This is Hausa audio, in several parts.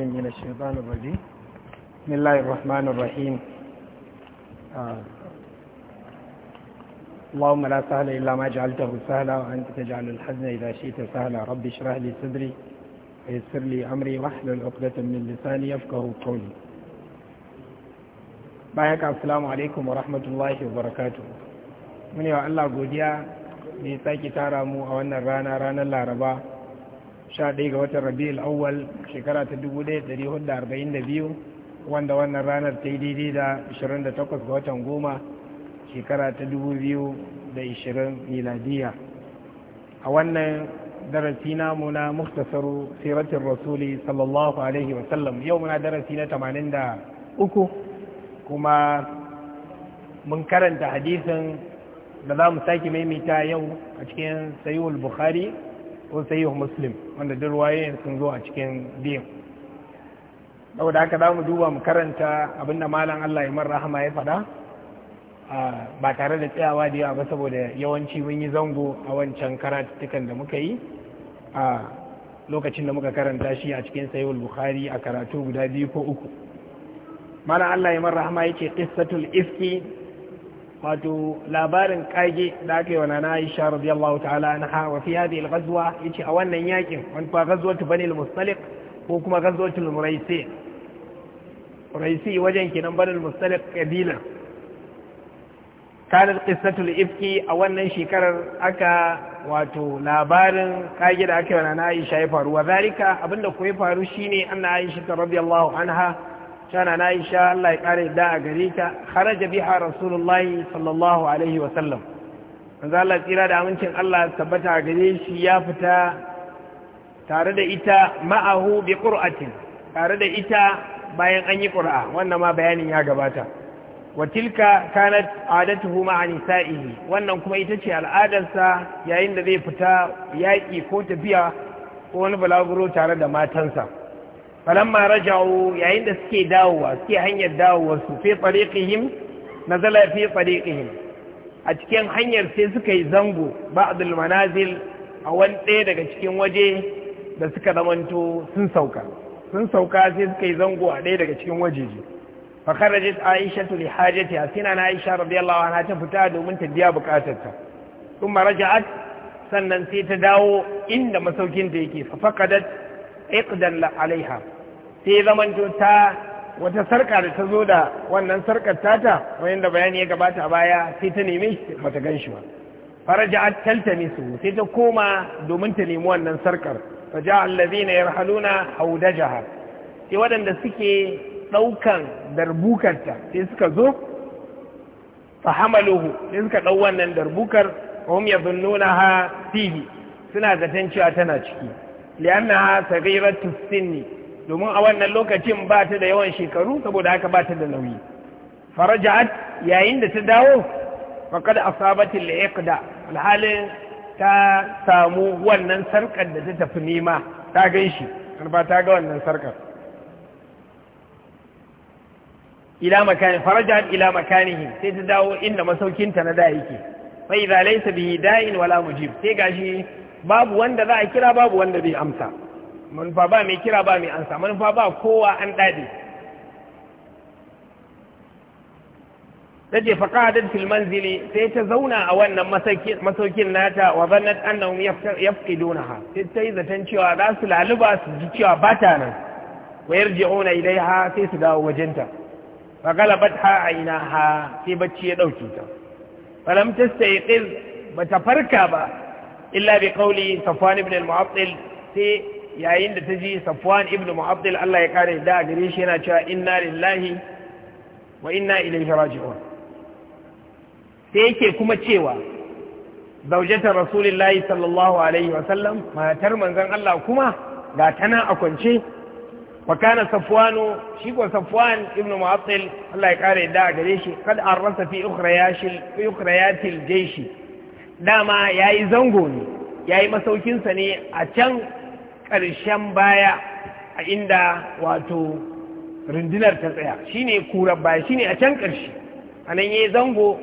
من الشيطان الرجيم بسم الله الرحمن الرحيم آه. اللهم لا سهل إلا ما جعلته سهلا وأنت تجعل الحزن إذا شئت سهلا رب اشرح لي صدري ويسر لي أمري واحلل عقدة من لساني يفقه قولي بايك السلام عليكم ورحمة الله وبركاته من يا الله godiya ne sake tara mu a wannan rana ranar laraba 11 ga watan rabi'ul awwal shekara ta 1442 wanda wannan ranar ta yi daidai da 28 ga watan goma shekara ta 2020 miladiya a wannan darasi namu na muktasaru siratin rasuli sallallahu alaihi wasallam yau muna darasi na 83 kuma mun karanta hadisin da za mu sake maimaita yau a cikin sayuwar bukhari ko wa muslim wanda duk ruwayoyin sun zo a cikin biyan dau haka za mu duba mu karanta abinda malam Allah ya mar rahama ya faɗa ba tare da tsayawa da yawa ba saboda yawanci mun yi zango a wancan karatukan da muka yi a lokacin da muka karanta shi a cikin sayul bukhari a karatu guda biyu ko uku malam Allah ya mar rahama yake qissatul ifki wato labarin kage da aka yi wa nana Aisha radiyallahu ta'ala anha wa fi hadhihi al-ghazwa yace a wannan yakin wani fa ghazwatu bani al-mustaliq ko kuma ghazwatu al-muraisi muraisi wajen kenan bani al-mustaliq kabila kana qissatu al-ifki a wannan shekarar aka wato labarin kage da aka yi wa nana Aisha ya faru wa zalika abinda ko ya faru shine anna Aisha radiyallahu anha tana na isha Allah ya a gare ta kharaja biha rasulullahi sallallahu alaihi wa sallam manzo Allah tsira da amincin Allah tabbata a gare shi ya fita tare da ita ma'ahu bi qur'atin tare da ita bayan an yi qur'a wannan ma bayanin ya gabata wa tilka kanat adatuhu a nisa'ihi wannan kuma ita ce al'adarsa yayin da zai fita yaƙi ko tafiya ko wani balaguro tare da matansa falamma raja'u yayin da suke dawowa suke hanyar dawowa su fi tariqihim nazala fi tariqihim a cikin hanyar sai suka yi zango ba'dul manazil a wani ɗaya daga cikin waje da suka zamanto sun sauka sun sauka sai suka yi zango a ɗaya daga cikin wajeji fa kharajat aisha li hajatiha sina na aisha radiyallahu anha ta fita domin ta biya bukatarta kuma raja'at sannan sai ta dawo inda masaukin da yake fa faqadat iqdan alaiha sai zamanto ta wata sarka da ta zo da wannan sarkar tata wayan da bayani ya gabata a baya sai ta nemi shi gan shi ba faraja taltamisu sai ta koma domin ta nemi wannan sarkar faja allazina yarhaluna haudajaha sai waɗanda suke ɗaukan darbukarta sai suka zo fahamaluhu sai suka ɗau wannan darbukar hum yadhunnunaha fihi suna zaton cewa tana ciki li'annaha saghiratu ne. domin a wannan lokacin ba ta da yawan shekaru saboda haka ba ta da nauyi farajat yayin da ta dawo faqad asabati al-iqda alhalin ta samu wannan sarkar da ta tafi nema ta ganshi ba ta ga wannan sarkar ila makani faraja'at ila makanihi sai ta dawo inda masaukinta na da yake fa idza laysa bihi da'in wala mujib sai gashi babu wanda za a kira babu wanda zai amsa manufa ba mai kira ba mai ansa manufa ba kowa an dade tace fa qadat filman manzili sai ta zauna a wannan masaukin nata wa zannat annahum yafqidunaha sai ta yi zaton cewa za su laluba su ji cewa ba ta nan wa yarji'una ha sai su dawo wajenta ba galabat ha ha sai bacci ya ɗauki ta falam tastayqiz bata farka ba illa bi qawli safwan ibn al-mu'attil sai yayin da ta ji safwan ibn mu'abdil Allah ya kare da gare shi yana cewa inna lillahi wa inna ilaihi raji'un sai yake kuma cewa zaujatar rasulillahi sallallahu alaihi wa sallam matar manzon Allah kuma ga tana a kwance wa kana safwanu shi ko safwan ibn mu'attil Allah ya kare da gare shi kad arrasa fi ukhrayashil ukhrayatil jayshi dama yayi zango ne yayi masaukin sa ne a can ƙarshen baya a inda wato rundunar ta tsaya shine kurar baya ne a can ƙarshe a nan yi zango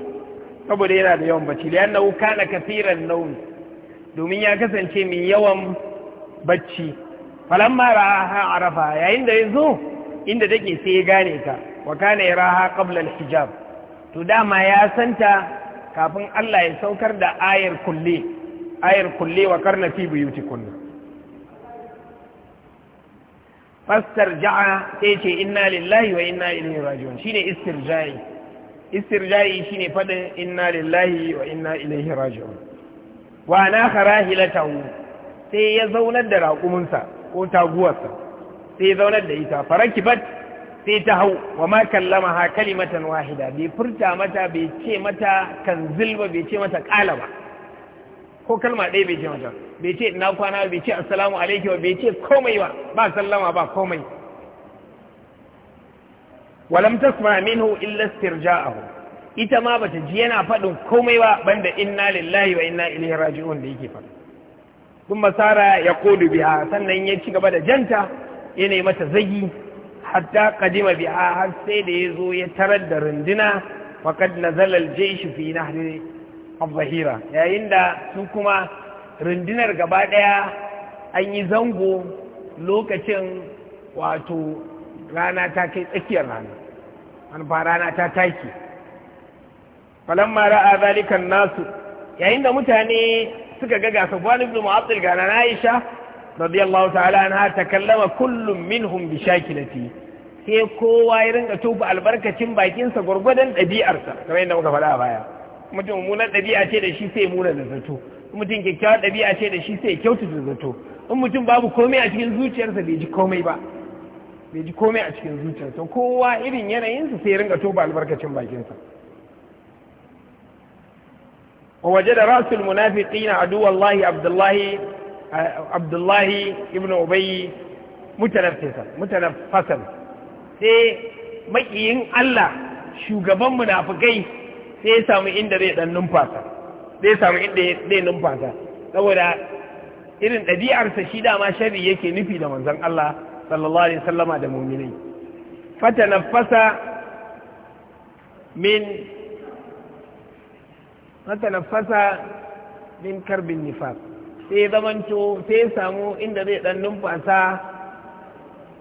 saboda yana da yawan bacci liyan nau na kafiran naumi domin ya kasance mai yawan bacci falon falamma raha arafa yayin da ya zo inda take sai ya gane ka wa kana raha ƙablar hijab to dama ya santa kafin Allah ya saukar da ayar kulle ayar kulle wa karna fi kullum fastarja'a sai ce inna lillahi wa inna ilaihi raji'un shine istirja'i istirja'i shine fadin inna lillahi wa inna ilaihi raji'un wa na kharahilatahu sai ya zaunar da raƙuminsa ko taguwarsa sai ya zaunar da ita farakibat sai ta hau wa ma kallama ha kalimatan wahida bai furta mata bai ce mata kanzil ba bai ce mata kala ba ko kalma ɗaya bai ce mata bai ce ina kwana bai ce assalamu alaikum ba bai ce komai ba ba sallama ba komai walam tasma minhu illa istirja'ahu ita ma bata ji yana faɗin komai ba banda inna lillahi wa inna ilaihi raji'un da yake faɗa kuma masara ya kodu biha sannan ya ci gaba da janta yana mata zagi hatta kadima biha har sai da ya zo ya tarar da runduna faqad nazala al-jaysh fi nahri al-zahira yayin da su kuma rundunar gaba ɗaya an yi zango lokacin wato rana ta kai tsakiyar rana manufa rana ta taki falamma ra'a zalikan nasu yayin da mutane suka ga gasa gwan ibn mu'attil gana na Aisha radiyallahu ta'ala anha ta kallama kullum minhum bi shakilati sai kowa ya ringa tofa albarkacin bakinsa gwargwadon ɗabi'arsa kamar yadda muka faɗa a baya mutum munar ɗabi'a ce da shi sai muna da zato mutum kyakkyawar ɗabi'a ce da shi sai kyautata zato in mutum babu komai a cikin zuciyarsa bai ji komai ba bai ji komai a cikin zuciyarsa kowa irin yanayinsa sai ringa toba albarkacin bakinsa wa رأس rasul عدو الله عبد الله Wallahi Abdullahi Ibn أبي متنفسا sai makiyin Allah shugaban munafikai sai ya samu inda zai dan numfasa zai samu inda zai numfasa saboda irin ɗabi'arsa shi dama shari yake nufi da manzan Allah sallallahu alaihi wasallama da mu'minai fata nafasa min fata nafasa min karbin nifaq sai zamanto sai samu inda zai dan numfasa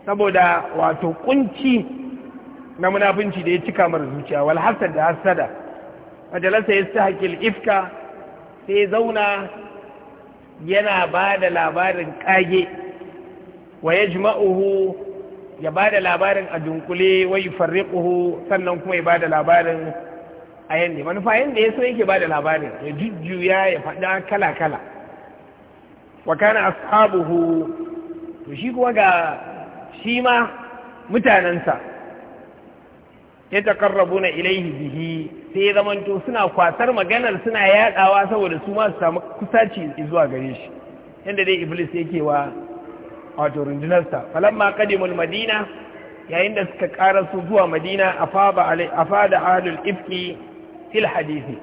saboda wato kunci na munafunci da ya cika mara zuciya wal hassada da ya majalasa haƙƙin ifka sai zauna yana ba da labarin kage wa ya jima'uhu ya ba da labarin a dunkule wai farriƙuhu sannan kuma ya ba da labarin a yadda manufa yadda ya so yake ba da labarin ya jujjuya ya faɗa kala-kala wa kana ashabuhu to shi kuma ga shi ma mutanensa ya takarrabu na ilaihi bihi sai ya zamanto suna kwasar maganar suna yadawa saboda su ma su samu kusaci zuwa gare shi yadda dai iblis yake wa wato rundunarsa falamma qadimul madina yayin da suka kara su zuwa madina afaba alai afada ahlul ifki fil hadisi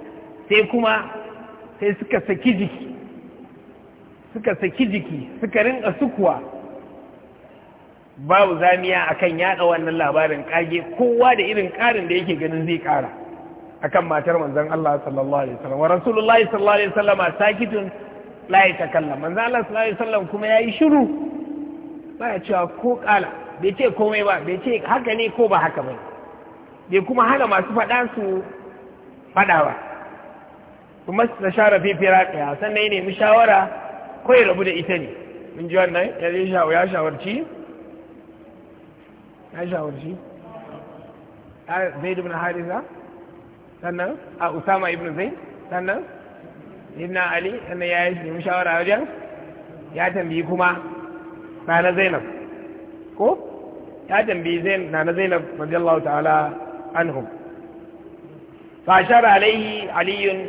sai kuma sai suka saki jiki suka saki jiki suka rinka sukuwa babu zamiya akan yada wannan labarin kage kowa da irin karin da yake ganin zai kara akan matar manzon Allah sallallahu alaihi wasallam wa rasulullahi sallallahu alaihi wasallam sakitun la yatakallam manzon Allah sallallahu alaihi wasallam kuma yayi shiru baya cewa ko kala bai ce komai ba bai ce haka ne ko ba haka ba bai kuma hana masu faɗa su fada ba kuma su share fira raƙaya sannan ya nemi shawara ko ya rabu da ita ne mun ji wannan ya zai ya shawarci ya shawarci zai dubna harisa sannan a usama ibn zain sannan ibn ali sannan ya yi nemi shawara wajen ya tambayi kuma na na zainab ko ya tambayi zain na na zainab radiyallahu ta'ala anhum fa shara alaihi aliyun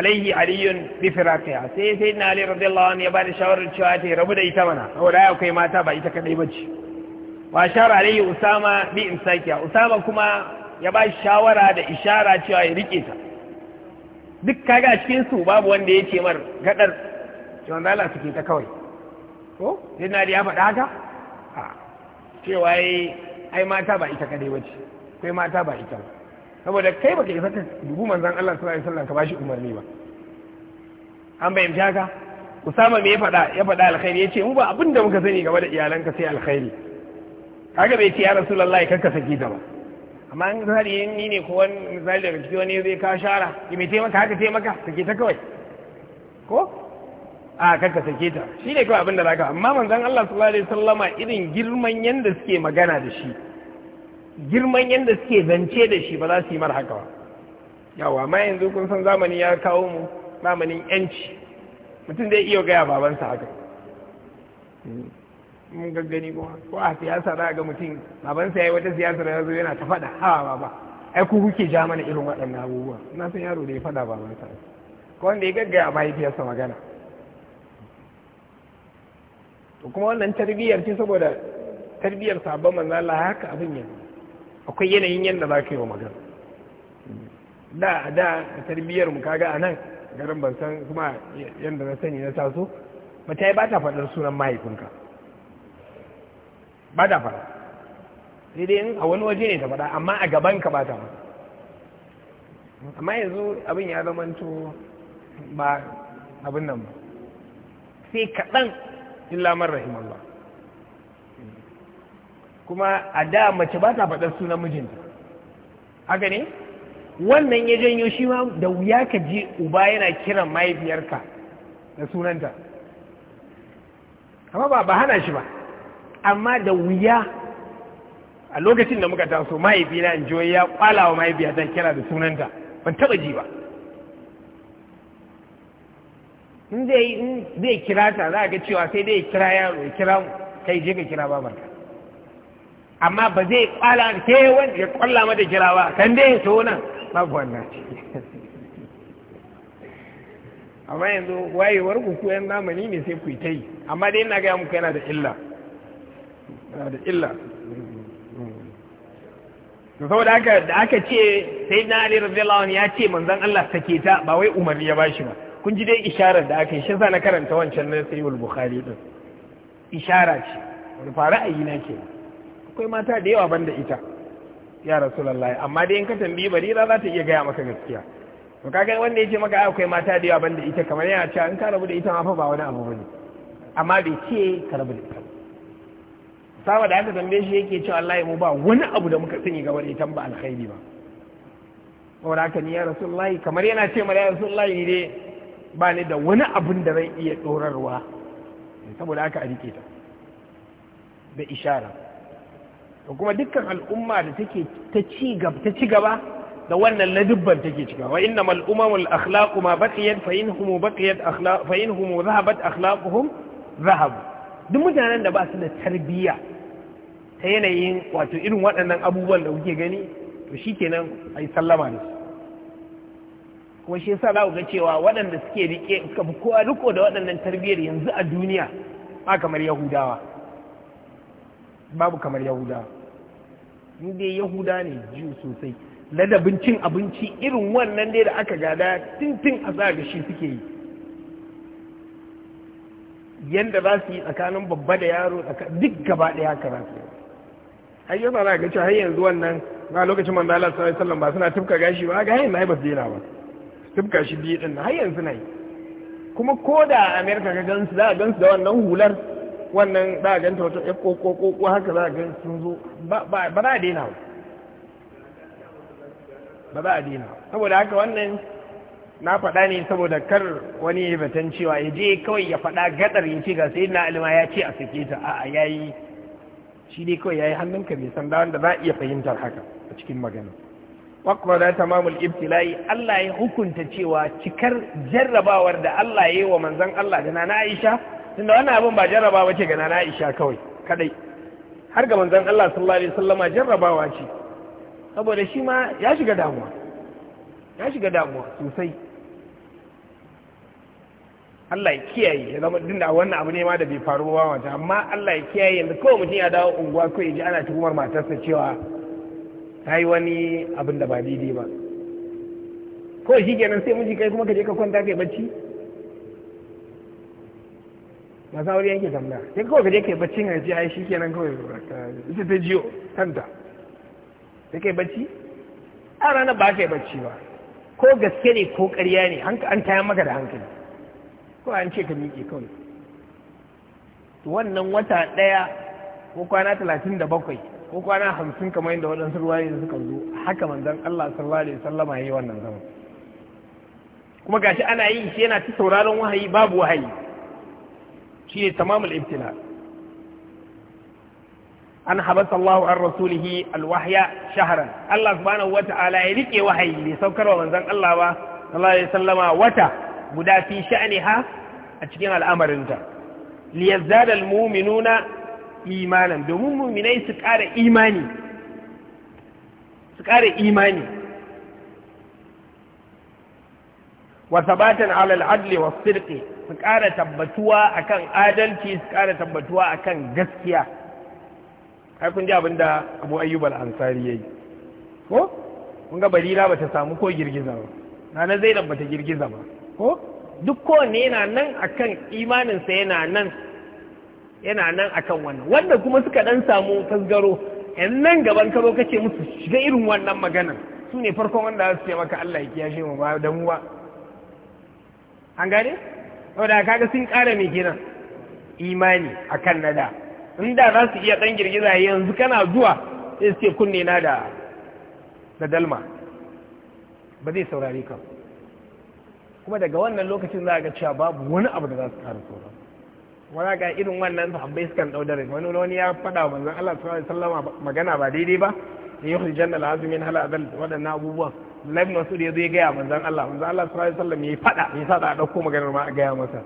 alaihi aliyun bi firaqiha sai sai na ali radiyallahu anhu ya bada shawarar cewa ta rabu da ita mana saboda akwai mata ba ita kadai bace wa shara alaihi usama bi imsakiya usama kuma ya ba shawara da ishara cewa ya rike ta duk kaga cikin su babu wanda ya ce mar gadar cewa zala suke ta kawai ko sai na ya faɗa haka a cewa ai mata ba ita kadai wace kai mata ba ita ba saboda kai baka isa saka dubu manzan Allah sallallahu alaihi wasallam ka bashi umarni ba an bayyana haka Usama me ya faɗa ya faɗa alkhairi mu ba abinda muka sani game da iyalanka sai alkhairi kaga bai ce ya Rasulullahi kanka saki ta ba amma in misali yin ni ne ko wani misali da ciki wani zai ka shara ki mai taimaka haka taimaka ta ke ta kawai ko a kakka sake ta shi ne kawai abin da zaka amma manzon Allah sallallahu alaihi wasallama irin girman yanda suke magana da shi girman yanda suke zance da shi ba za su yi mar haka ba yawa amma yanzu kun san zamani ya kawo mu zamanin yanci mutum zai iya gaya babansa haka hmm. mun gaggani kuma ko a siyasa za a ga mutum babansa ya yi wata siyasa da yanzu yana ta faɗa hawa ba ai ku kuke ja mana irin waɗannan abubuwa na san yaro da ya faɗa ta ko wanda ya gaggaya mahaifiyarsa magana to kuma wannan tarbiyyar ce saboda tarbiyyar sabon manzo Allah haka abin ya, akwai yanayin yadda za ka yi wa magana da da tarbiyyar mu kaga anan garin ban san kuma yadda na sani na taso mata ba ta faɗar sunan mahaifinka ba ta faɗa sai dai a wani waje ne ta faɗa amma a gaban ka ba ta faɗa amma yanzu abin ya to ba abin nan ba sai kaɗan illa man rahimallah kuma a da mace ba ta faɗar sunan mijinta haka ne wannan ya janyo shi ma da wuya ka je uba yana kiran mahaifiyarka da sunanta amma ba hana shi ba amma da wuya a lokacin da muka taso mahaifina in ji ya kwala wa mahaifiyata kira da sunanta ban taba ji ba in zai kira ta za ga cewa sai dai kira yaro ya kira kai je ka kira babarka amma ba zai kwala ke wanda ya kwalla mata kira ba kan dai ya so nan babu wannan amma yanzu wayewar ku ku yan zamani ne sai ku yi ta yi amma dai ina gaya muku yana da illa da illa saboda haka da aka ce sai na Ali radiyallahu anhu ya ce manzon Allah sake ta ba wai umar ya bashi ba kun ji dai isharar da aka yi shi sa na karanta wancan na sayyid bukhari din ishara ce wani fara ayi na ke akwai mata da yawa banda ita ya rasulullahi amma dai in ka tambayi barira za ta iya gaya maka gaskiya to kaga wanda yake maka akwai mata da yawa banda ita kamar yana cewa in ka rabu da ita ma fa ba wani abu bane amma bai ce ka rabu da ita saba da aka tambaye shi yake cewa Allah mu ba wani abu da muka sani game da ita ba alkhairi ba saboda haka ni ya rasulullahi kamar yana ce mana ya rasulullahi ni dai ba ni da wani abun da zan iya dorarwa saboda haka a rike ta da ishara da kuma dukkan al'umma da take ta ci gaba ta ci gaba da wannan ladubban take cika wa inna mal umamul akhlaqu ma baqiyat fa inhum baqiyat akhlaq fa inhum dhahabat akhlaquhum dhahab duk mutanen da ba su da tarbiyya ta yanayin wato irin waɗannan abubuwan da kuke gani to shi kenan a yi sallama da su kuma shi yasa za ku ga cewa waɗanda suke rike suka fi kowa riko da waɗannan tarbiyyar yanzu a duniya ba kamar yahudawa babu kamar yahudawa in dai yahuda ne jiyu sosai ladabin cin abinci irin wannan dai da aka gada tintin a ga shi suke yi yadda za su yi tsakanin babba da yaro duk gaba ɗaya ka za su yi ai yasa za ga cewa har yanzu wannan na lokacin manzo Allah sallallahu alaihi wasallam ba suna tufka gashi ba ga hayin na ba su daina ba tufka shi biyu din har yanzu nayi kuma ko da a America ka gansu za a gansu da wannan hular wannan za a ganta wata ko ko ko haka za a gan sun zo ba za a dena ba za a dena saboda haka wannan na faɗa ne saboda kar wani ya batan cewa ya je kawai ya faɗa gadar ya ce ga sayyidina alima ya ce a sake ta a'a yayi shi dai kawai yayi hannunka mai sanda wanda za a iya fahimtar haka a cikin magana wakwa ta tamamul ibtila'i Allah ya hukunta cewa cikar jarrabawar da Allah ya yi wa manzon Allah da nana Aisha tunda wannan abin ba jarrabawa ce ga nana Aisha kawai kadai har ga manzan Allah sallallahu alaihi wasallama jarrabawa ce saboda shi ma ya shiga damuwa ya shiga damuwa sosai Allah ya kiyaye ya zama din da wannan abu ne ma da bai faru ba wata amma Allah ya kiyaye yanzu kawai mutum ya dawo unguwa ko ya ji ana tuhumar matarsa cewa ta yi wani abin da ba daidai ba ko shi kenan sai miji kai kuma ka je ka kwanta kai bacci masu wuri yanke tambaya sai kawai ka je kai bacci ka ji ai shi kenan kawai ita ta jiyo kanta sai kai bacci a ranar ba kai bacci ba ko gaske ne ko ƙarya ne an kayan maka da hankali ko an ce ka miƙe kawai wannan wata ɗaya ko kwana talatin da bakwai ko kwana hamsin kamar yadda waɗansu ruwaye da suka zo haka manzon Allah sallallahu alaihi wasallama yi wannan zaman kuma gashi ana yi shi yana ta sauraron wahayi babu wahayi shi ne tamamul ibtila an habasa allahu an rasulihi alwahya shahran Allah subhanahu wata'ala ya rike wahayi bai saukar wa manzan Allah ba sallallahu alaihi wasallama wata guda fi sha'ani ha a cikin al'amarinta liyazzada almu'minuna imanan domin mu'minai su ƙara imani su ƙara imani wa sabatan alal al-adli wa sidqi su ƙara tabbatuwa akan adalci su ƙara tabbatuwa akan gaskiya ai kun ji abin da Abu Ayyub ansari ya yi ko kun ga Barira bata samu ko girgiza ba na zai Zainab ta girgiza ba ko duk kowanne yana nan akan imaninsa yana nan yana nan akan wannan wanda kuma suka dan samu tasgaro yan nan gaban ka kake musu shiga irin wannan maganan su ne farkon wanda za su ce maka Allah ya kiyashe mu ba da mu an gane saboda kaga sun kara mai gina imani akan nada in za su iya ɗan girgiza yanzu kana zuwa sai su ce kunne na da da dalma ba zai saurare ka kuma daga wannan lokacin za a ga cewa babu wani abu da za su kare tsoro wani ga irin wannan sahabbai sukan kan daudare wani wani ya faɗa wa manzon Allah sallallahu alaihi wasallam magana ba daidai ba da yuhul jannal azumin hala adal waɗannan abubuwan Nabi Masud ya zo ya gaya manzon Allah manzon Allah sallallahu alaihi wasallam ya faɗa ya sa da ɗauko maganar ma a gaya masa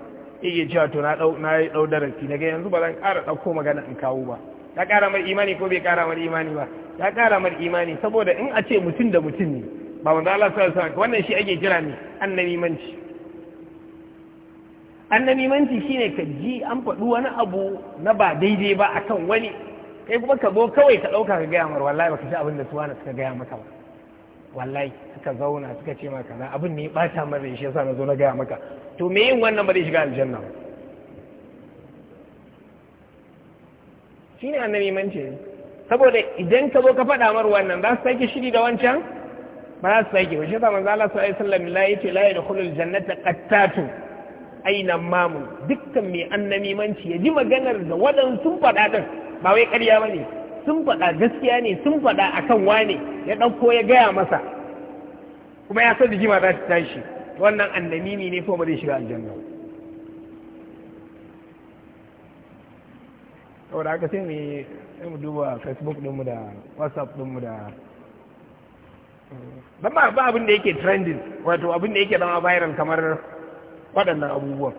iya cewa to na ɗau na ɗau darasi daga yanzu ba zan ƙara ɗauko magana in kawo ba ya ƙara mar imani ko bai ƙara mar imani ba ya ƙara mar imani saboda in a ce mutum da mutum ne ba wanda Allah sallallahu alaihi wannan shi ake kira ne annabi manci annabi manci shine ka ji an faɗu wani abu na ba daidai ba akan wani kai kuma ka zo kawai ka ɗauka ka gaya mar wallahi baka ji abin da su wani suka gaya maka ba wallahi suka zauna suka ce maka na abin ne ba ta da shi yasa na zo na gaya maka to me yin wannan ba zai shiga aljanna ba shine annabi manci saboda idan ka zo ka faɗa mar wannan za su sake shiri da wancan ba su sake ba shi sa manzo Allah sallallahu alaihi wasallam la yace la yadkhulul jannata qattatu aina mamu dukkan mai manci ya ji maganar da wadan sun faɗa din ba wai ƙarya bane sun faɗa gaskiya ne sun faɗa akan wane ya ɗauko ya gaya masa kuma ya san jima za ta tashi wannan annamimi ne ko ba zai shiga aljanna saboda haka sai mu duba facebook ɗinmu da whatsapp ɗinmu da dan ba abin da yake trending wato abin da yake zama viral kamar waɗannan abubuwan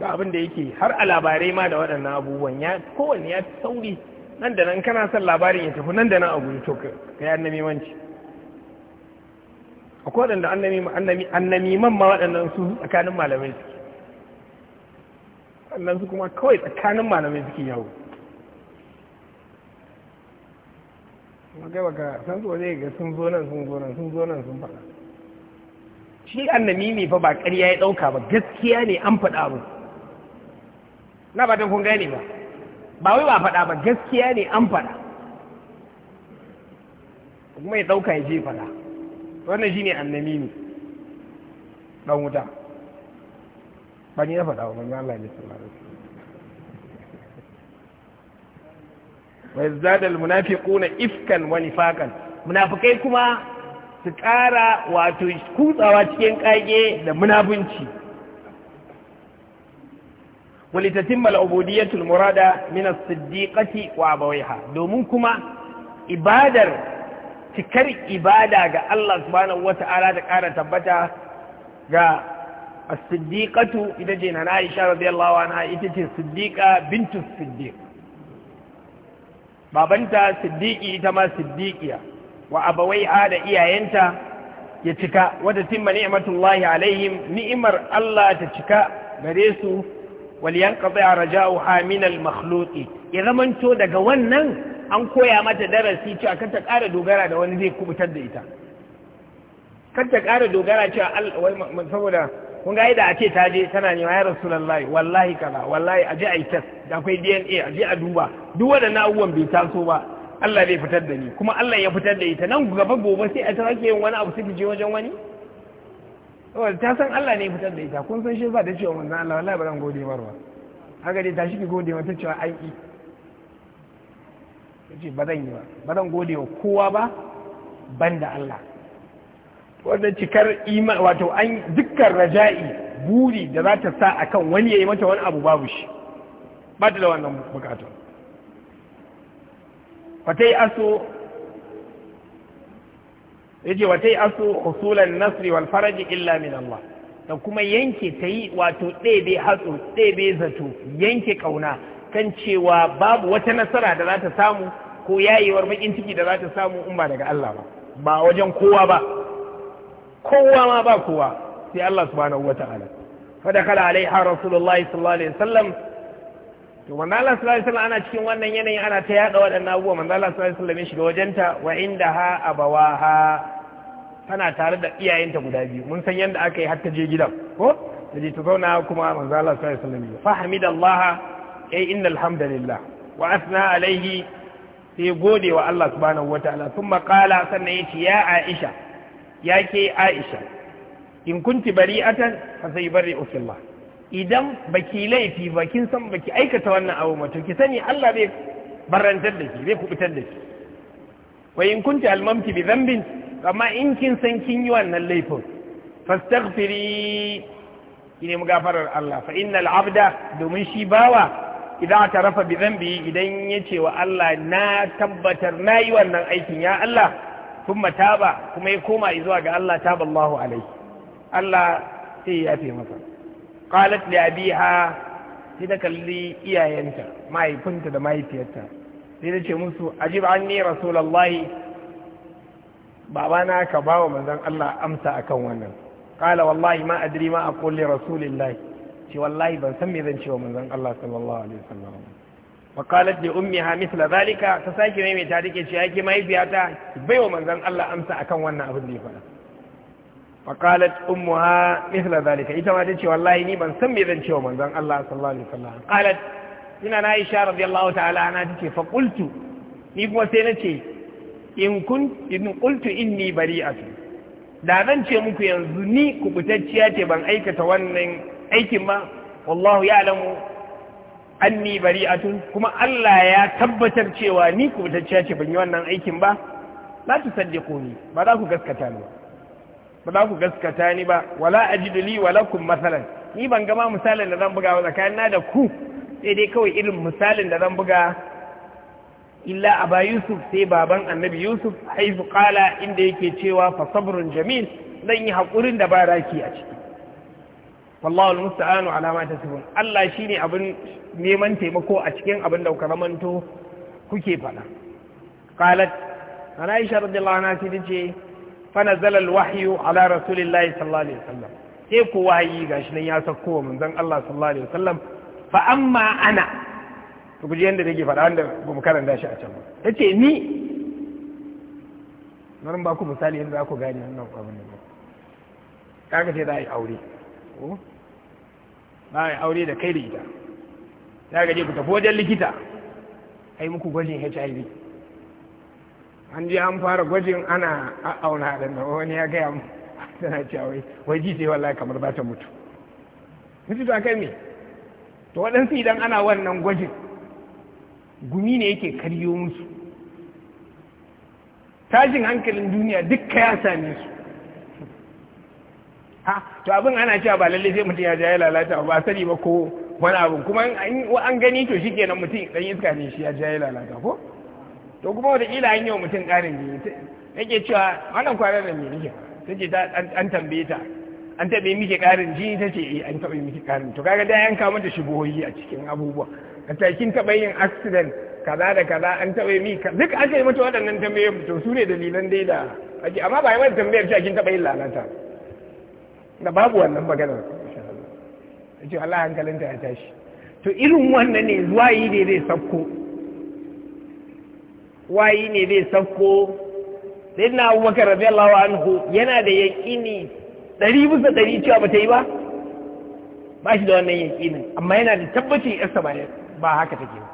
ba abin da yake har a labarai ma da waɗannan abubuwan ya kowanne ya fi sauri nan da nan kana son labarin ya tafi nan da nan a guri to ka yi annami manci ko waɗanda annami man ma waɗannan su tsakanin malamai suke wannan su kuma kawai tsakanin malamai suke yawo kai baka san zo zai ga sun zo nan sun zo nan sun zo nan sun faɗa shi annabi ne fa ba ƙarya ya ɗauka ba gaskiya ne an faɗa abu na ba kun gane ba ba wai ba faɗa ba gaskiya ne an faɗa kuma ya ɗauka ya je faɗa wannan shi ne annabi ne ɗan wuta ba ni na faɗa ba manzo Allah ya sallallahu alaihi wasallam wa yazdada almunafiquna ifkan wa nifaqan munafikai kuma su ƙara wato kutsawa cikin ƙage da munafunci walitatimma al'ubudiyyatul murada min as-siddiqati wa abawaiha domin kuma ibadar cikar ibada ga Allah subhanahu wata'ala da ƙara tabbata ga as-siddiqatu ita ce na Aisha radiyallahu anha ita ce siddiqa bintu siddiq babanta siddiki ita ma siddiqiya wa abawaiha da iyayenta ya cika wata timma ni'matullahi alaihim ni'imar Allah ta cika gare su wal yanqati raja'uha min al makhluqi ya zamanto daga wannan an koya mata darasi cewa kar ta ƙara dogara da wani zai kubutar da ita kar ta ƙara dogara cewa saboda kun ga yadda a ce ta je tana nema ya rasulullahi wallahi kaza wallahi a je a yi test da akwai dna a je a duba duk waɗannan abubuwan bai taso ba Allah zai fitar da ni kuma Allah ya fitar da ita nan gaba gobe sai a ta ke yin wani abu sai je wajen wani ta san Allah ne ya fitar da ita kun san shi ba da cewa manzon Allah wallahi ba zan gode marwa haka dai ta ki gode mata cewa an yi ce ba zan yi ba ba zan gode wa kowa ba ban da Allah wanda cikar iman wato an dukkan raja'i buri da za ta sa a kan wani ya yi mata wani abu babu shi ba ta da wannan bukatu wata aso ya ce wata yi aso husulan nasri wal faraji illa min Allah da kuma yanke ta yi wato ɗebe hatsu ɗebe zato yanke ƙauna kan cewa babu wata nasara da za ta samu ko yayewar bakin ciki da za ta samu in ba daga Allah ba ba wajen kowa ba kowa ma ba kowa sai Allah subhanahu wata'ala alai alaiha rasulullahi sallallahu alaihi wasallam to manzo Allah sallallahu alaihi wasallam ana cikin wannan yanayi ana ta yada waɗannan abubuwa manzo Allah sallallahu alaihi wasallam ya shiga wajenta wa indaha abawaha tana tare da iyayenta guda biyu mun san yadda aka yi har ta je gidan ko ta je ta zauna kuma manzo Allah sallallahu alaihi wasallam fa hamidallah ay eh, innal hamdalillah wa asna alaihi sai gode wa Allah subhanahu wataala thumma qala sannan yace ya Aisha ya ke aisha in kunti bari'atan fa sayubari'uki Allah idan baki laifi ba kin san baki aikata wannan abu mato ki sani Allah bai barantar da ki zai kubutar da ki wa in kunti almamti bi dhanbin amma in kin san kin yi wannan laifin fastaghfiri ki mugafarar gafarar Allah fa innal abda domin shi bawa idan ta rafa bi dhanbi idan ya ce wa Allah na tabbatar na yi wannan aikin ya Allah kuma taba kuma ya koma zuwa ga Allah taba Allahu alai Allah sai ya fi masa qalat li abiha sai ta kalli iyayenta mahaifinta da mahaifiyarta sai ta musu ajib anni rasulullahi babana ka bawa manzon Allah amsa akan wannan qala walahi ma adri ma aqul li ce wallahi ban san me zan ce wa manzon Allah sallallahu alaihi faqalat li ha mithla zalika ta sake mai mai ta take ce yake mahaifiyata bai wa manzan Allah amsa akan wannan abin da ya faɗa faqalat ha mithla zalika ita ma ta ce wallahi ni ban san me zan ce wa manzan Allah sallallahu alaihi wasallam qalat ina na yi biyar radiyallahu ta'ala ana tace fa qultu ni kuma sai na ce in kun in qultu inni bari'atu da zan ce muku yanzu ni kubutacciya ce ban aikata wannan aikin ba wallahu ya'lamu anni tun kuma Allah ya tabbatar cewa ni ciya ce ban yi wannan aikin ba la ni ba za ku gaskata ni ba za ku gaskata ni ba wala ajidu li wa lakum masalan ni ban gama misalin da zan buga ba tsakanin na da ku sai dai kawai irin misalin da zan buga illa aba yusuf sai baban annabi yusuf haizu kala inda yake cewa fa sabrun jamil zan yi haƙurin da ba raki a ciki wallahu musta'anu ala ma tasifun Allah shi ne abin neman taimako a cikin abin da kuka zamanto kuke faɗa qalat ana Aisha radiyallahu anha sai tace fa nazala alwahyu ala rasulillahi sallallahu alaihi wasallam sai ko wahayi gashi nan ya sauko manzon Allah sallallahu alaihi wasallam fa amma ana to kuje yanda take faɗa wanda mu karanta shi a can ba tace ni nan ba ku misali yanda za ku gane wannan abin da kaga sai za a yi aure ba aure da kai da ita ta gaje ku tafi wajen likita a yi muku gwajin hiv an je an fara gwajin ana auna da wani ya gaya mu tana cewa wai ji sai wallahi kamar ba ta mutu mutu ta kai me to waɗansu idan ana wannan gwajin gumi ne yake karyo musu tashin hankalin duniya dukka ya same su ha to abin ana cewa ba lalle sai mutum ya ja ya lalata ba sani ba ko wani abu kuma an gani to shikenan mutum dan iska ne shi ya ja ya lalata ko to kuma wataƙila an yi wa mutum ƙarin biyu nake cewa wannan kwanan da me nake ta ce an tambaye ta an taɓa miki ƙarin jini ta ce eh, an taɓa miki ƙarin to kaga da yanka mata shigoyi a cikin abubuwa a kin taɓa yin accident kaza da kaza an taɓa miki duk aka yi mata waɗannan tambayoyi to su ne dalilan dai da ake amma ba yi mata tambayar ce kin taɓa yin lalata da babu wannan maganar a ce Allah hankalinta ya tashi to irin wannan ne wayi ne zai sabko, wayi ne zai sabko zai na abubakar radiyallahu anhu yana da yaƙini ɗari bisa ɗari cewa ba ta yi ba ba shi da wannan yaƙinin amma yana da tabbacin yarsa ba haka take ba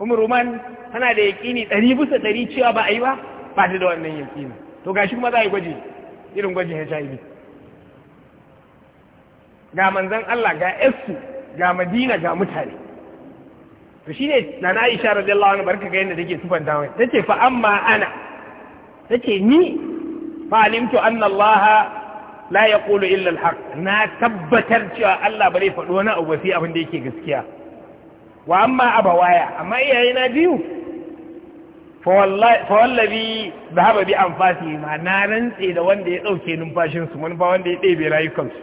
umar roman tana da yaƙini ɗari bisa ɗari cewa ba a yi ba ba ta da wannan yaƙinin to gashi kuma za a yi gwaji irin gwajin hiv ga manzan Allah ga essu ga madina ga mutane to shine nana Aisha radiyallahu anha barka ga yadda take sufanta mai ce fa amma ana ce ni fa alimtu anna Allah la yaqulu illa al na tabbatar cewa Allah bare faɗo wani abu sai abin da yake gaskiya wa amma abawaya amma na biyu fa wallazi dhahaba bi ma na rantse da wanda ya dauke numfashin su fa wanda ya ɗebe rayukansu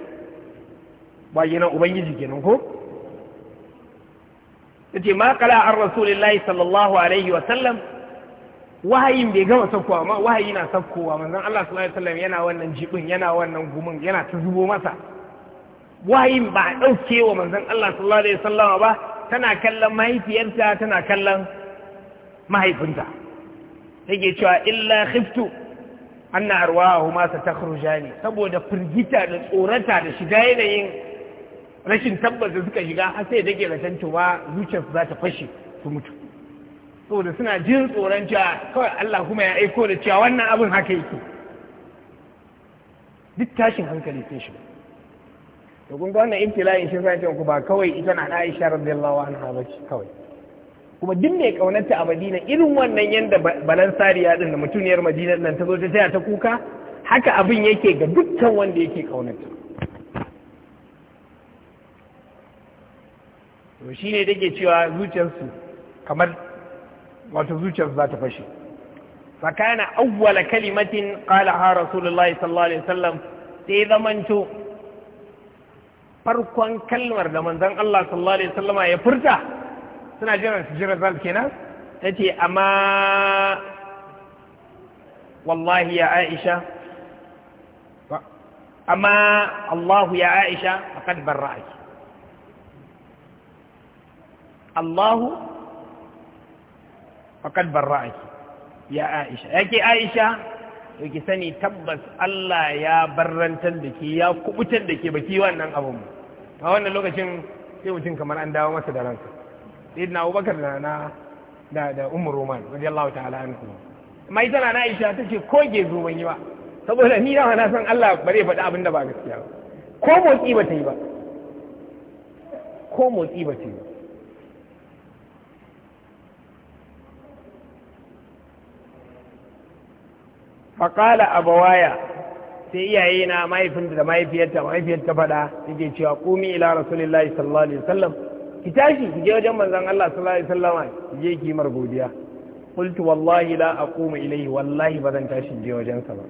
ba yana ubangiji kenan ko yace ma kala an rasulillahi sallallahu alaihi wa sallam wahayin bai gama saukowa ma wahayi na saukowa manzon Allah sallallahu alaihi wasallam yana wannan jibin yana wannan gumin yana ta zubo masa wahayin ba dauke wa manzon Allah sallallahu alaihi wasallam ba tana kallon mahaifiyarta tana kallon mahaifinta take cewa illa khiftu anna arwahuma satakhruja ne saboda firgita da tsorata da shiga yanayin rashin tabbas da suka shiga har sai ke rashin cewa zuciyarsu za ta fashe su mutu saboda suna jin tsoron cewa kawai Allah kuma ya aiko da cewa wannan abin haka yake duk tashin hankali sai shi to kun ga wannan ibtila'in shi sai ku ba kawai ita na Aisha radiyallahu anha ba kawai kuma duk mai kaunarta a Madina irin wannan yanda balansariya din da mutuniyar Madina nan ta zo ta ta kuka haka abin yake ga dukkan wanda yake kaunarta to shi ne take cewa zuciyarsu kamar wato zuciyarsu za ta fashe tsakanin awwala kalimatin qala ha rasulullahi sallallahu alaihi wasallam sai zamanto farkon kalmar da manzon Allah sallallahu alaihi wasallam ya furta suna jiran su jira zal kenan tace amma wallahi ya Aisha amma Allah ya Aisha faqad barra'aki Allahu faqad barra'aki ya Aisha yake Aisha yake ki sani tabbas Allah ya barrantar da ke ya kubutar da ke baki wannan abun a wannan lokacin sai mutum kamar an dawo masa da ransa na Abubakar da na da da Ummu Roman radiyallahu ta'ala anhu mai tana na Aisha tace ko ge zo ban yi ba saboda ni da na san Allah ba zai faɗi abin da ba gaskiya ba ko motsi ba ta yi ba ko motsi ba ta yi ba faƙala abawaya sai iyaye na mahaifinta da mahaifiyarta mahaifiyarta faɗa yake cewa kumi ila rasulillahi sallallahu alaihi wasallam ki tashi ki je wajen manzon Allah sallallahu alaihi wasallam ki je ki mar godiya qultu wallahi la aqumu ilayhi wallahi ba zan tashi je wajen sa ba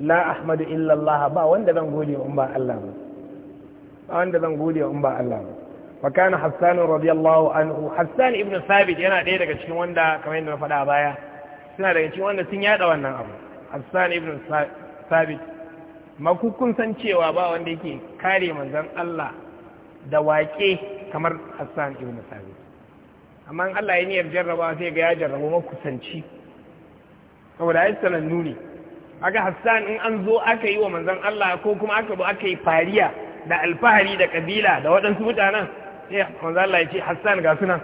la ahmadu illa Allah ba wanda zan gode in ba Allah ba ba wanda zan gode in ba Allah ba wa kana Hassan radiyallahu anhu Hassan ibn Thabit yana ɗaya daga cikin wanda kamar yadda na faɗa a baya suna daga cikin wanda sun yada wannan abu Hassan ibn Sabit makukun san cewa ba wanda yake kare manzon Allah da waƙe kamar Hassan ibn Sabit amma Allah ya niyyar jarraba sai ga ya jarrabo makusanci saboda ya sanannu nuni aka Hassan in an zo aka yi wa manzon Allah ko kuma aka zo aka yi fariya da alfahari da kabila da waɗansu mutanen sai manzon Allah ya ce Hassan ga sunan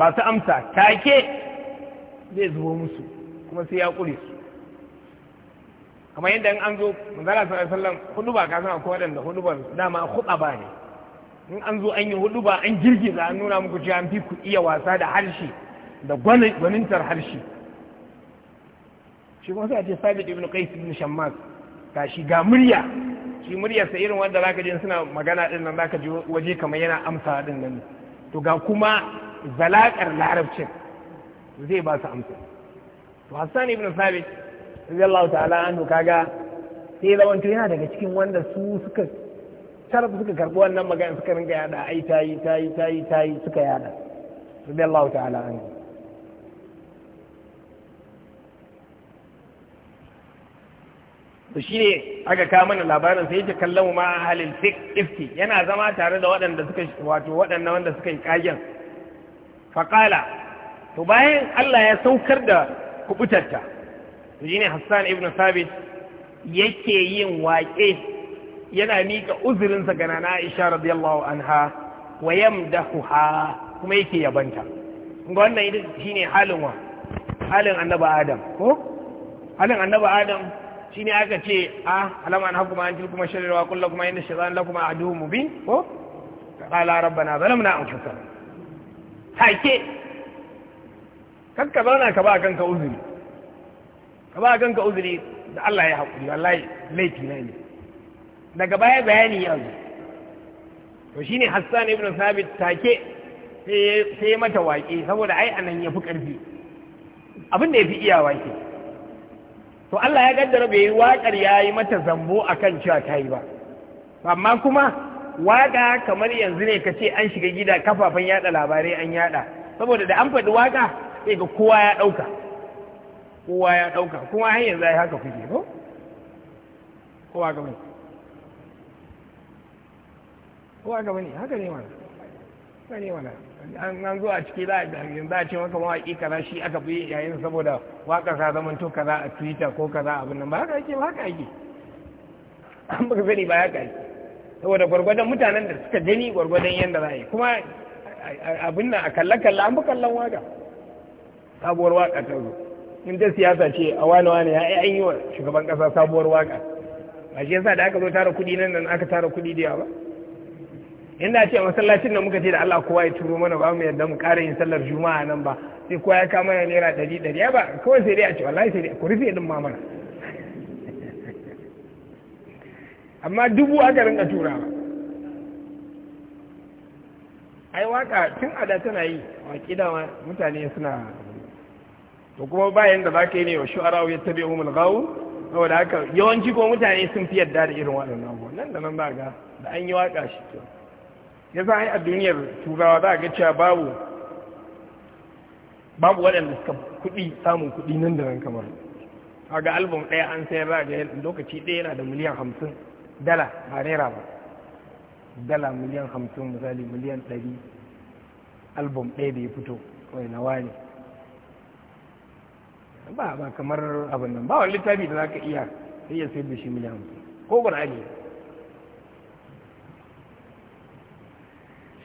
ba su amsa take zai zuwa musu kuma sai ya kure su kamar yadda an zo manzala sallallahu alaihi wasallam hudu ba kasan akwai waɗanda hudu ba dama hudu ba ne in an zo an yi hudu ba an girgiza an nuna muku cewa an fi ku iya wasa da harshe da gwanintar harshe shi kuma sai a ce sabit ibn qais ibn shammas ga shi ga murya shi sai irin wanda zaka ji suna magana din nan zaka ji waje kamar yana amsa din nan to ga kuma zalakar larabcin zai ba su amsa to hassan ibn sabit Allah ta'ala anhu ga sai to yana daga cikin wanda su suka tarab suka karbi wannan magana suka ringa yada ai tayi tayi tayi tayi suka yada Allah ta'ala an to shine aka kawo mana labarin sai yake kallon ma halin fik ifki yana zama tare da waɗanda suka wato waɗanda wanda suka yi kagen faqala to bayan Allah ya saukar da kubutarta shine Hassan ibn Sabit yake yin waƙe yana mika uzurinsa ga Nana Aisha radiyallahu anha wa yamdahuha kuma yake yabanta ga wannan shine halin wa halin annabi Adam ko halin annabi Adam shine aka ce a ah, alama an hakuma an tilkuma sharri wa kullu kuma inna shaytan lakum aduwwun mubin ko qala rabbana zalamna anfusana take kakka zauna ka ba kanka uzuri ka ba ganka uzuri da Allah ya haƙuri wallahi laifi na ne daga baya bayani ya to shine Hassan ibn Sabit take sai mata waƙe saboda ai anan ya fi ƙarfi abin da ya fi iya waƙe to Allah ya gaddara bai yi waƙar ya yi mata zambo akan cewa ta yi ba amma kuma waƙa kamar yanzu ne ka ce an shiga gida kafafen yada labarai an yada saboda da an faɗi waƙa sai ga kowa ya ɗauka kowa ya ɗauka kuma har yanzu ai haka kuke ko kowa ga bane kowa ga bane haka ne mana haka ne mana an zo a ciki za a yanzu a ce maka mawaƙi kaza shi aka fi yayin saboda waƙar sa zaman to kaza a twitter ko kaza abin nan ba haka ake ba haka ake an baka sani ba haka ake saboda gwargwadon mutanen da suka gani gwargwadon yadda za a yi kuma abin nan a kalle-kalle an bi kallon waƙa sabuwar waƙa ta zo in ta siyasa ce a wani wani ya an yi wa shugaban kasa sabuwar waka ba shi yasa da aka zo tara kuɗi nan nan aka tara kuɗi da yawa ba inda ce masallacin da muka ce da Allah kowa ya turo mana ba mu yadda mu ƙara yin sallar juma'a nan ba sai kowa ya kama ya naira ɗari ɗari ya ba kawai sai dai a ce wallahi sai dai ku rufe din mamana amma dubu aka rinka turawa ai waka tun ada tana yi waƙida mutane suna to kuma bayan da zaka yi ne wa shu'ara ya tabi umul gawu saboda haka yawanci ko mutane sun fi yadda da irin waɗannan abubuwan nan da nan ba ga da an yi waka shi to yasa ai a duniyar turawa za ga cewa babu babu waɗanda suka kuɗi samun kuɗi nan da nan kamar ga album ɗaya an sayar za ga lokaci ɗaya yana da miliyan hamsin dala ba naira ba dala miliyan hamsin misali miliyan ɗari album ɗaya da ya fito kawai nawa ne ba ba kamar abin nan ba wani littafi da za ka iya sai ya sayar da shi miliyan hamsin ko ƙur'ani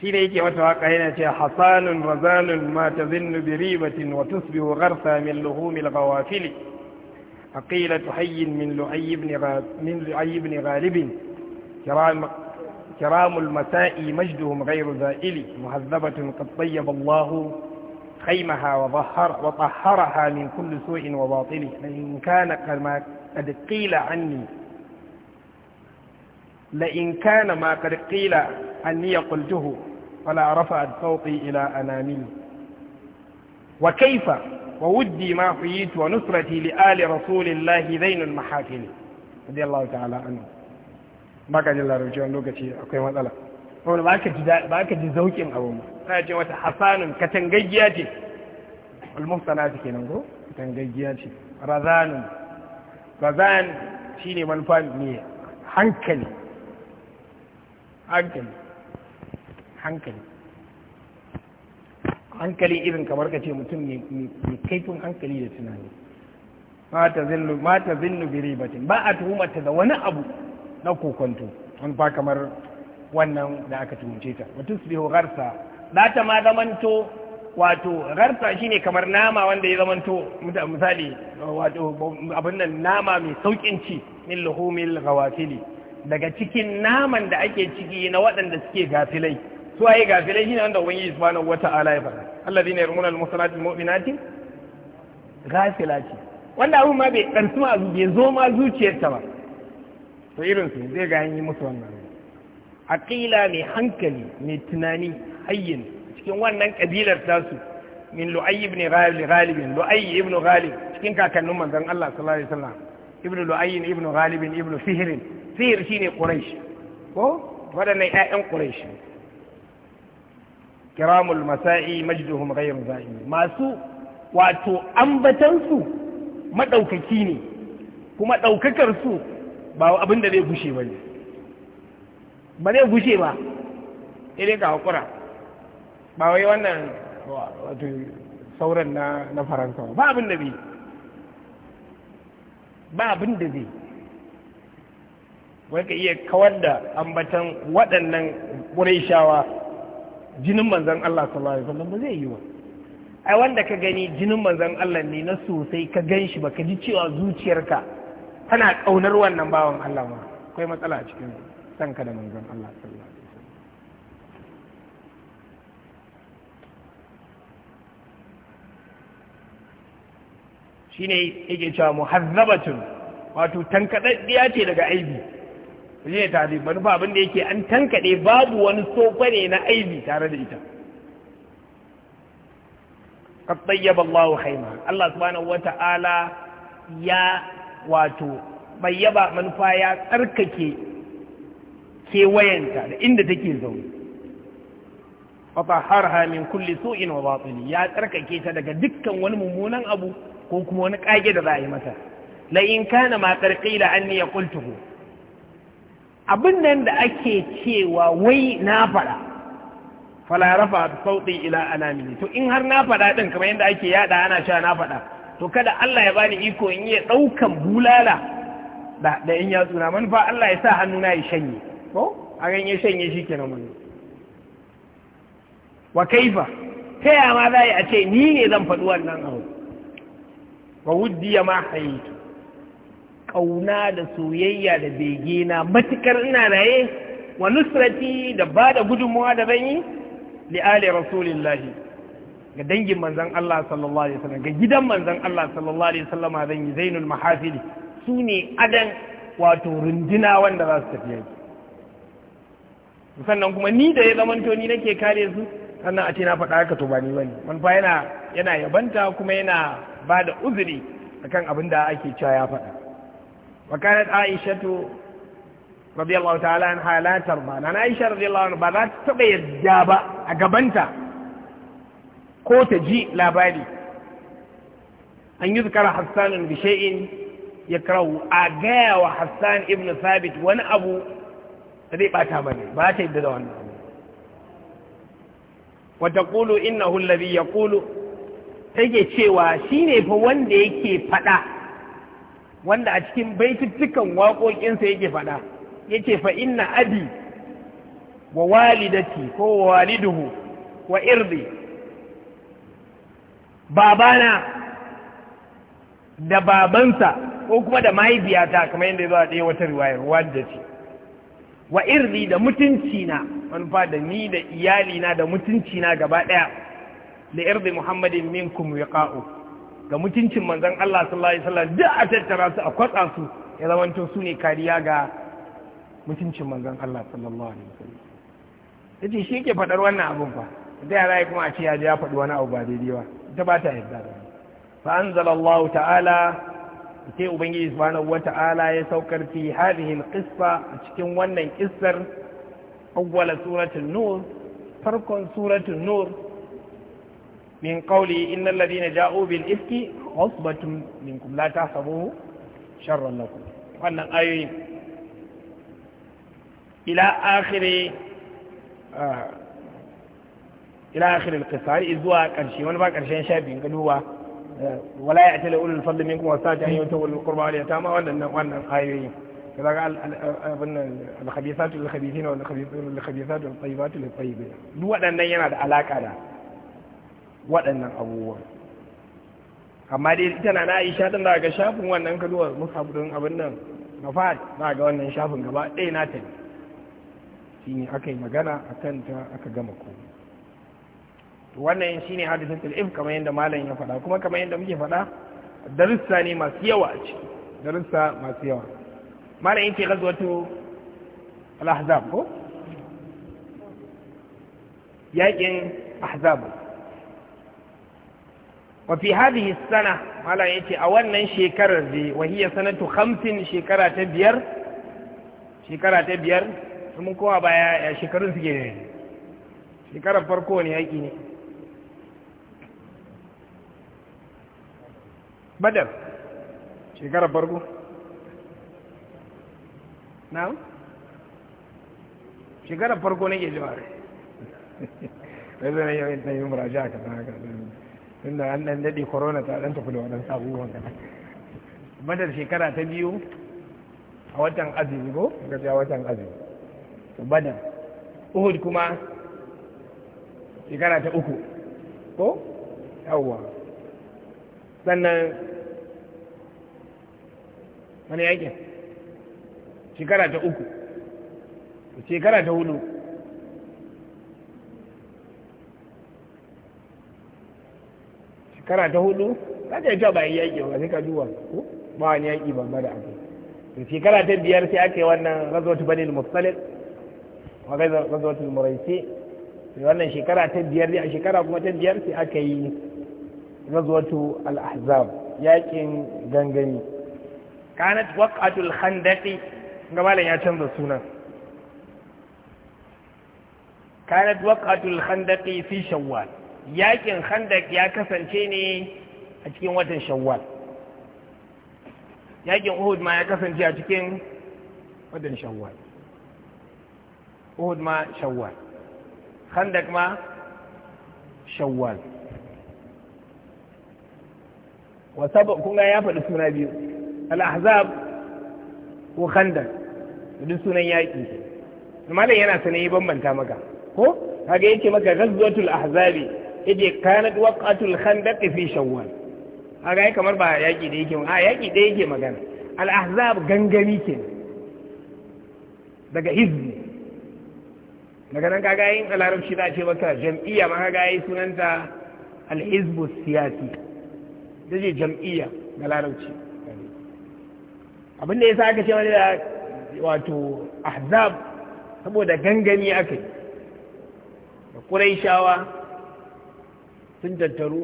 shi ne yake wata waka yana ce hasanun razalun ma ta zinnu bi ribatin wa tusbihu gharsa min luhumil ghawafili aqilatu hayyin min lu'ayy ibn min lu'ayy ibn ghalib kiram kiramul masa'i majduhum ghayru za'ili muhazzabatun qad tayyaba Allahu خيمها وظهر وطهرها من كل سوء وباطل لئن كان كما قد قيل عني لئن كان ما قد قيل عني قلته فلا رفعت صوتي إلى أناملي وكيف وودي ما حييت ونصرتي لآل رسول الله ذين المحافل رضي الله تعالى عنه ما jin larabci wani lokaci akwai matsala wani ما ka ji zaukin abu na ce mata hasanun katangaggiya ce almuhsana ta kenan ko katangaggiya ce razanun razan ne manufa ne hankali hankali hankali hankali irin kamar ka ce mutum mai kaifin hankali da tunani mata zinnu biri batin ba a tuhumarta da wani abu na kokonto an ba kamar wannan da aka tuhumce ta wata su biyu garsa za ta ma zamanto wato rarsa shine kamar nama wanda ya zamanto misali wato abin nan nama mai saukin ci min luhumil ghawafili daga cikin naman da ake ciki na waɗanda suke gafilai su ayi gafilai shine wanda ubangiji subhanahu wata'ala ya faɗa allazina yarmuna musallati mu'minati gafilati wanda abun ma bai ɗarsu ma bai zo ma zuciyarta ba to irin su zai ga yi musu wannan aqila mai hankali mai tunani hayyin cikin wannan kabilar tasu min lu'ay ibn ghalib lu'ay ibn ghalib cikin kakannin manzon Allah sallallahu alaihi wasallam ibn lu'ay ibn ghalib ibn sihr sihr shine quraish ko wadannan ƴaƴan quraish kiramul masa'i majduhum ghayr za'im masu wato ambatansu madaukaki ne kuma daukakar su ba abin da zai gushe bane ba zai gushe ba sai ga ka haƙura ba wai wannan wato sauran na na faransa ba abin da bi ba abin da bi wai ka iya kawar da ambatan waɗannan shawa jinin manzan Allah sallallahu alaihi wasallam ba zai yi wa ai wanda ka gani jinin manzan Allah ne na sosai ka gan shi ba ka ji cewa zuciyarka tana ƙaunar wannan bawan Allah ma akwai matsala a cikin sanka da manzan Allah sallallahu Shi shine yake cewa muhazzabatun wato tankaɗaɗɗiya ce daga aibi shi ne tare manufa abin da yake an tankaɗe babu wani ne na aibi tare da ita qad tayyaba haima, Allah Allah subhanahu wata'ala ya wato bayyaba manufa ya tsarkake kewayenta da inda take zaune fatahharha min kulli su'in wa batil ya tsarkake ta daga dukkan wani mummunan abu ko kuma wani ƙage da za a yi masa la in kana ma qarqila anni yaqultuhu abin nan da ake cewa wai na faɗa fala rafa sauti ila anamini to in har na faɗa din kamar yadda ake yada ana sha na faɗa to kada Allah ya bani iko in yi ɗaukan bulala da da in ya tsuna manufa Allah ya sa hannu na ya shanye ko a ganye shanye shi kenan mun wa kaifa ta yaya ma za a ce ni ne zan faɗi wannan abu wa ma hayyitu kauna da soyayya da bege na matukar ina raye wa nusrati da ba da gudunmuwa da zan yi li ali rasulillahi ga dangin manzon Allah sallallahu alaihi wasallam ga gidan manzon Allah sallallahu alaihi wasallam zan yi zainul mahafili su ne adan wato runduna wanda za su tafi sannan kuma ni da ya zamanto ni nake kare su sannan a ce na faɗa haka to ba ni bane man fa yana yana yabanta kuma yana ba da uzuri akan abin da ake cewa ya faɗa wakanar aishatu radiyallahu ta'ala an halatar ba na aisha radiyallahu ba za ta taɓa yadda ba a gabanta ko ta ji labari an yi zukara hassanin bishe'in ya karau a gaya wa hassan ibn sabit wani abu da zai ɓata ba ne ba ta yadda da wannan wata kulu inna hullabi ya kulu yake cewa shi ne fa wanda yake faɗa wanda a cikin baitittukan waƙoƙinsa yake faɗa yake fa inna abi wa walidati ko wa waliduhu wa irdi babana da babansa ko kuma da mahaifiyata kamar yadda za a ɗaya wata riwayar wadda wa irdi da mutuncina manufa da ni da iyalina da mutuncina gaba ɗaya da irdi muhammadin minkum wiqa'u ga mutuncin manzon Allah sallallahu alaihi wasallam da a tattara su a kwatsa su ya zamanto su ne kariya ga mutuncin manzon Allah sallallahu alaihi wasallam yace shi yake faɗar wannan abun fa da yara kuma a ce ya ji ya faɗi wani abu ba daidai ba ita ba ta yarda da fa anzalallahu ta'ala sai ubangiji subhanahu wata'ala ya saukar fi hadhihi alqissa a cikin wannan kissar awwala suratul nur farkon suratul nur من قوله إن الذين جاءوا بالإفك عصبة منكم لا تحسبوه شرا لكم وأن آيين إلى آخر آه، إلى آخر القصار إذوا كرشي وأنا بقى كرشين شابين قالوا هو آه، ولا يعتل أولي الفضل منكم والساعة أن يؤتوا القربى واليتامى وأن وأن آيين كذا قال آه، الخبيثات للخبيثين والخبيثات والطيبات للطيبين دوا أن ينال علاقة waɗannan abubuwan amma dai tana na aisha ɗin za ga shafin wannan kaluwar musabu abin nan na fahad za ga wannan shafin gaba ɗaya na ta shi ne aka yi magana a kanta aka gama ko wannan shi ne hadisun tul'if kamar yadda malam ya faɗa kuma kamar yadda muke faɗa darussa ne masu yawa a ciki darussa masu yawa malam yake gazuwatu al-ahzab ko yaƙin ahzabu wa fi hadhihi sana malam ce a wannan shekarar da wahiya sanatu hamsin shekara ta biyar shekara ta biyar mun kowa baya ya shekarun suke ne shekarar farko ne ne badar shekarar farko na shekarar farko ne ke zai yawon ta yi ka ta haka inda an dan dade corona ta dan tafi da wannan abubuwan kaɗan madar shekara ta biyu a watan azumi go ga watan azumi to badar uhud kuma shekara ta uku ko yawa sannan wani yakin shekara ta uku shekara ta hudu kana ta hudu ka ce ta yi yaƙi ba sai ka duba ko ba wani yaƙi ban ba da abu to shekara ta biyar sai aka yi wannan razwatu banil mufsalid wa razwatu muraisi to wannan shekara ta biyar ne a shekara kuma ta biyar sai aka yi razwatu al-ahzab yaƙin gangani kanat waqatul khandaqi ga malam ya canza sunan kanat waqatul khandaqi fi shawwal yakin khandak ya kasance ne a cikin watan shawwal yakin uhud ma ya kasance a cikin watan shawwal uhud ma shawwal khandak ma shawwal wasaba kuma ga ya faɗi suna biyu al-ahzab ko khandak duk sunan yaƙi malam yana sanayi bambanta maka ko kaga yake maka ghazwatul ahzabi yace kanat waqatul khandaq fi shawwal haka kamar ba yaki da yake a yaki da yake magana al-ahzab gangami ke daga hizbi daga nan kaga yin a larabci za a ce maka jam'iyya ma kaga yi sunanta al-hizbu siyasi da ce jam'iyya da larabci abin da ya sa aka ce wani da wato ahzab saboda gangami aka yi da ƙuraishawa sun tattaru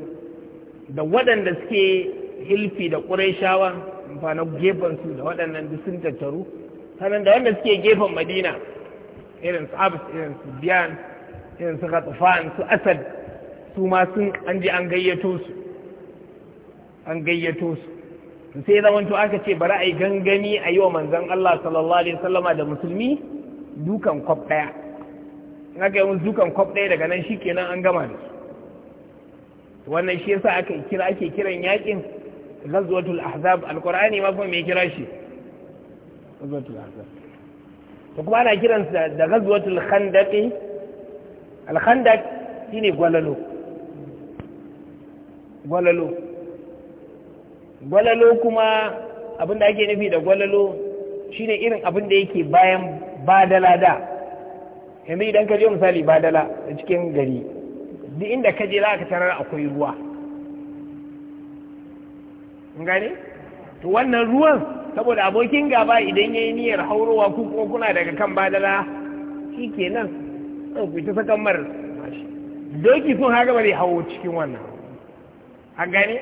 da waɗanda suke hilfi da ƙurayshawa amfanin gefensu da waɗannan duk sun tattaru sannan da wanda suke gefen madina irin su abis irin su biyan irin su katufan su asad su ma sun an ji an gayyato su an gayyato su sai zamanto aka ce bari a yi gangami a yi wa manzan Allah sallallahu alaihi wasallama da musulmi dukan kwaf ɗaya in aka yi dukan kwaf ɗaya daga nan shikenan an gama da su wannan shi yasa aka kira ake kiran yakin ghazwatul ahzab alqur'ani ma fa me kira shi ghazwatul ahzab to kuma ana kiran sa da ghazwatul khandaqi al khandaq shine gwalalo gwalalo gwalalo kuma abin da ake nufi da gwalalo shine irin abin da yake bayan badala da yanzu idan ka je misali badala a cikin gari duk inda ka je za ka tarar akwai ruwa gane to wannan ruwan saboda abokin gaba idan ya yi niyyar haurowa ku kuma kuna daga kan badala shi ke nan ku ta sakan mar doki sun haka bari hawo cikin wannan an gane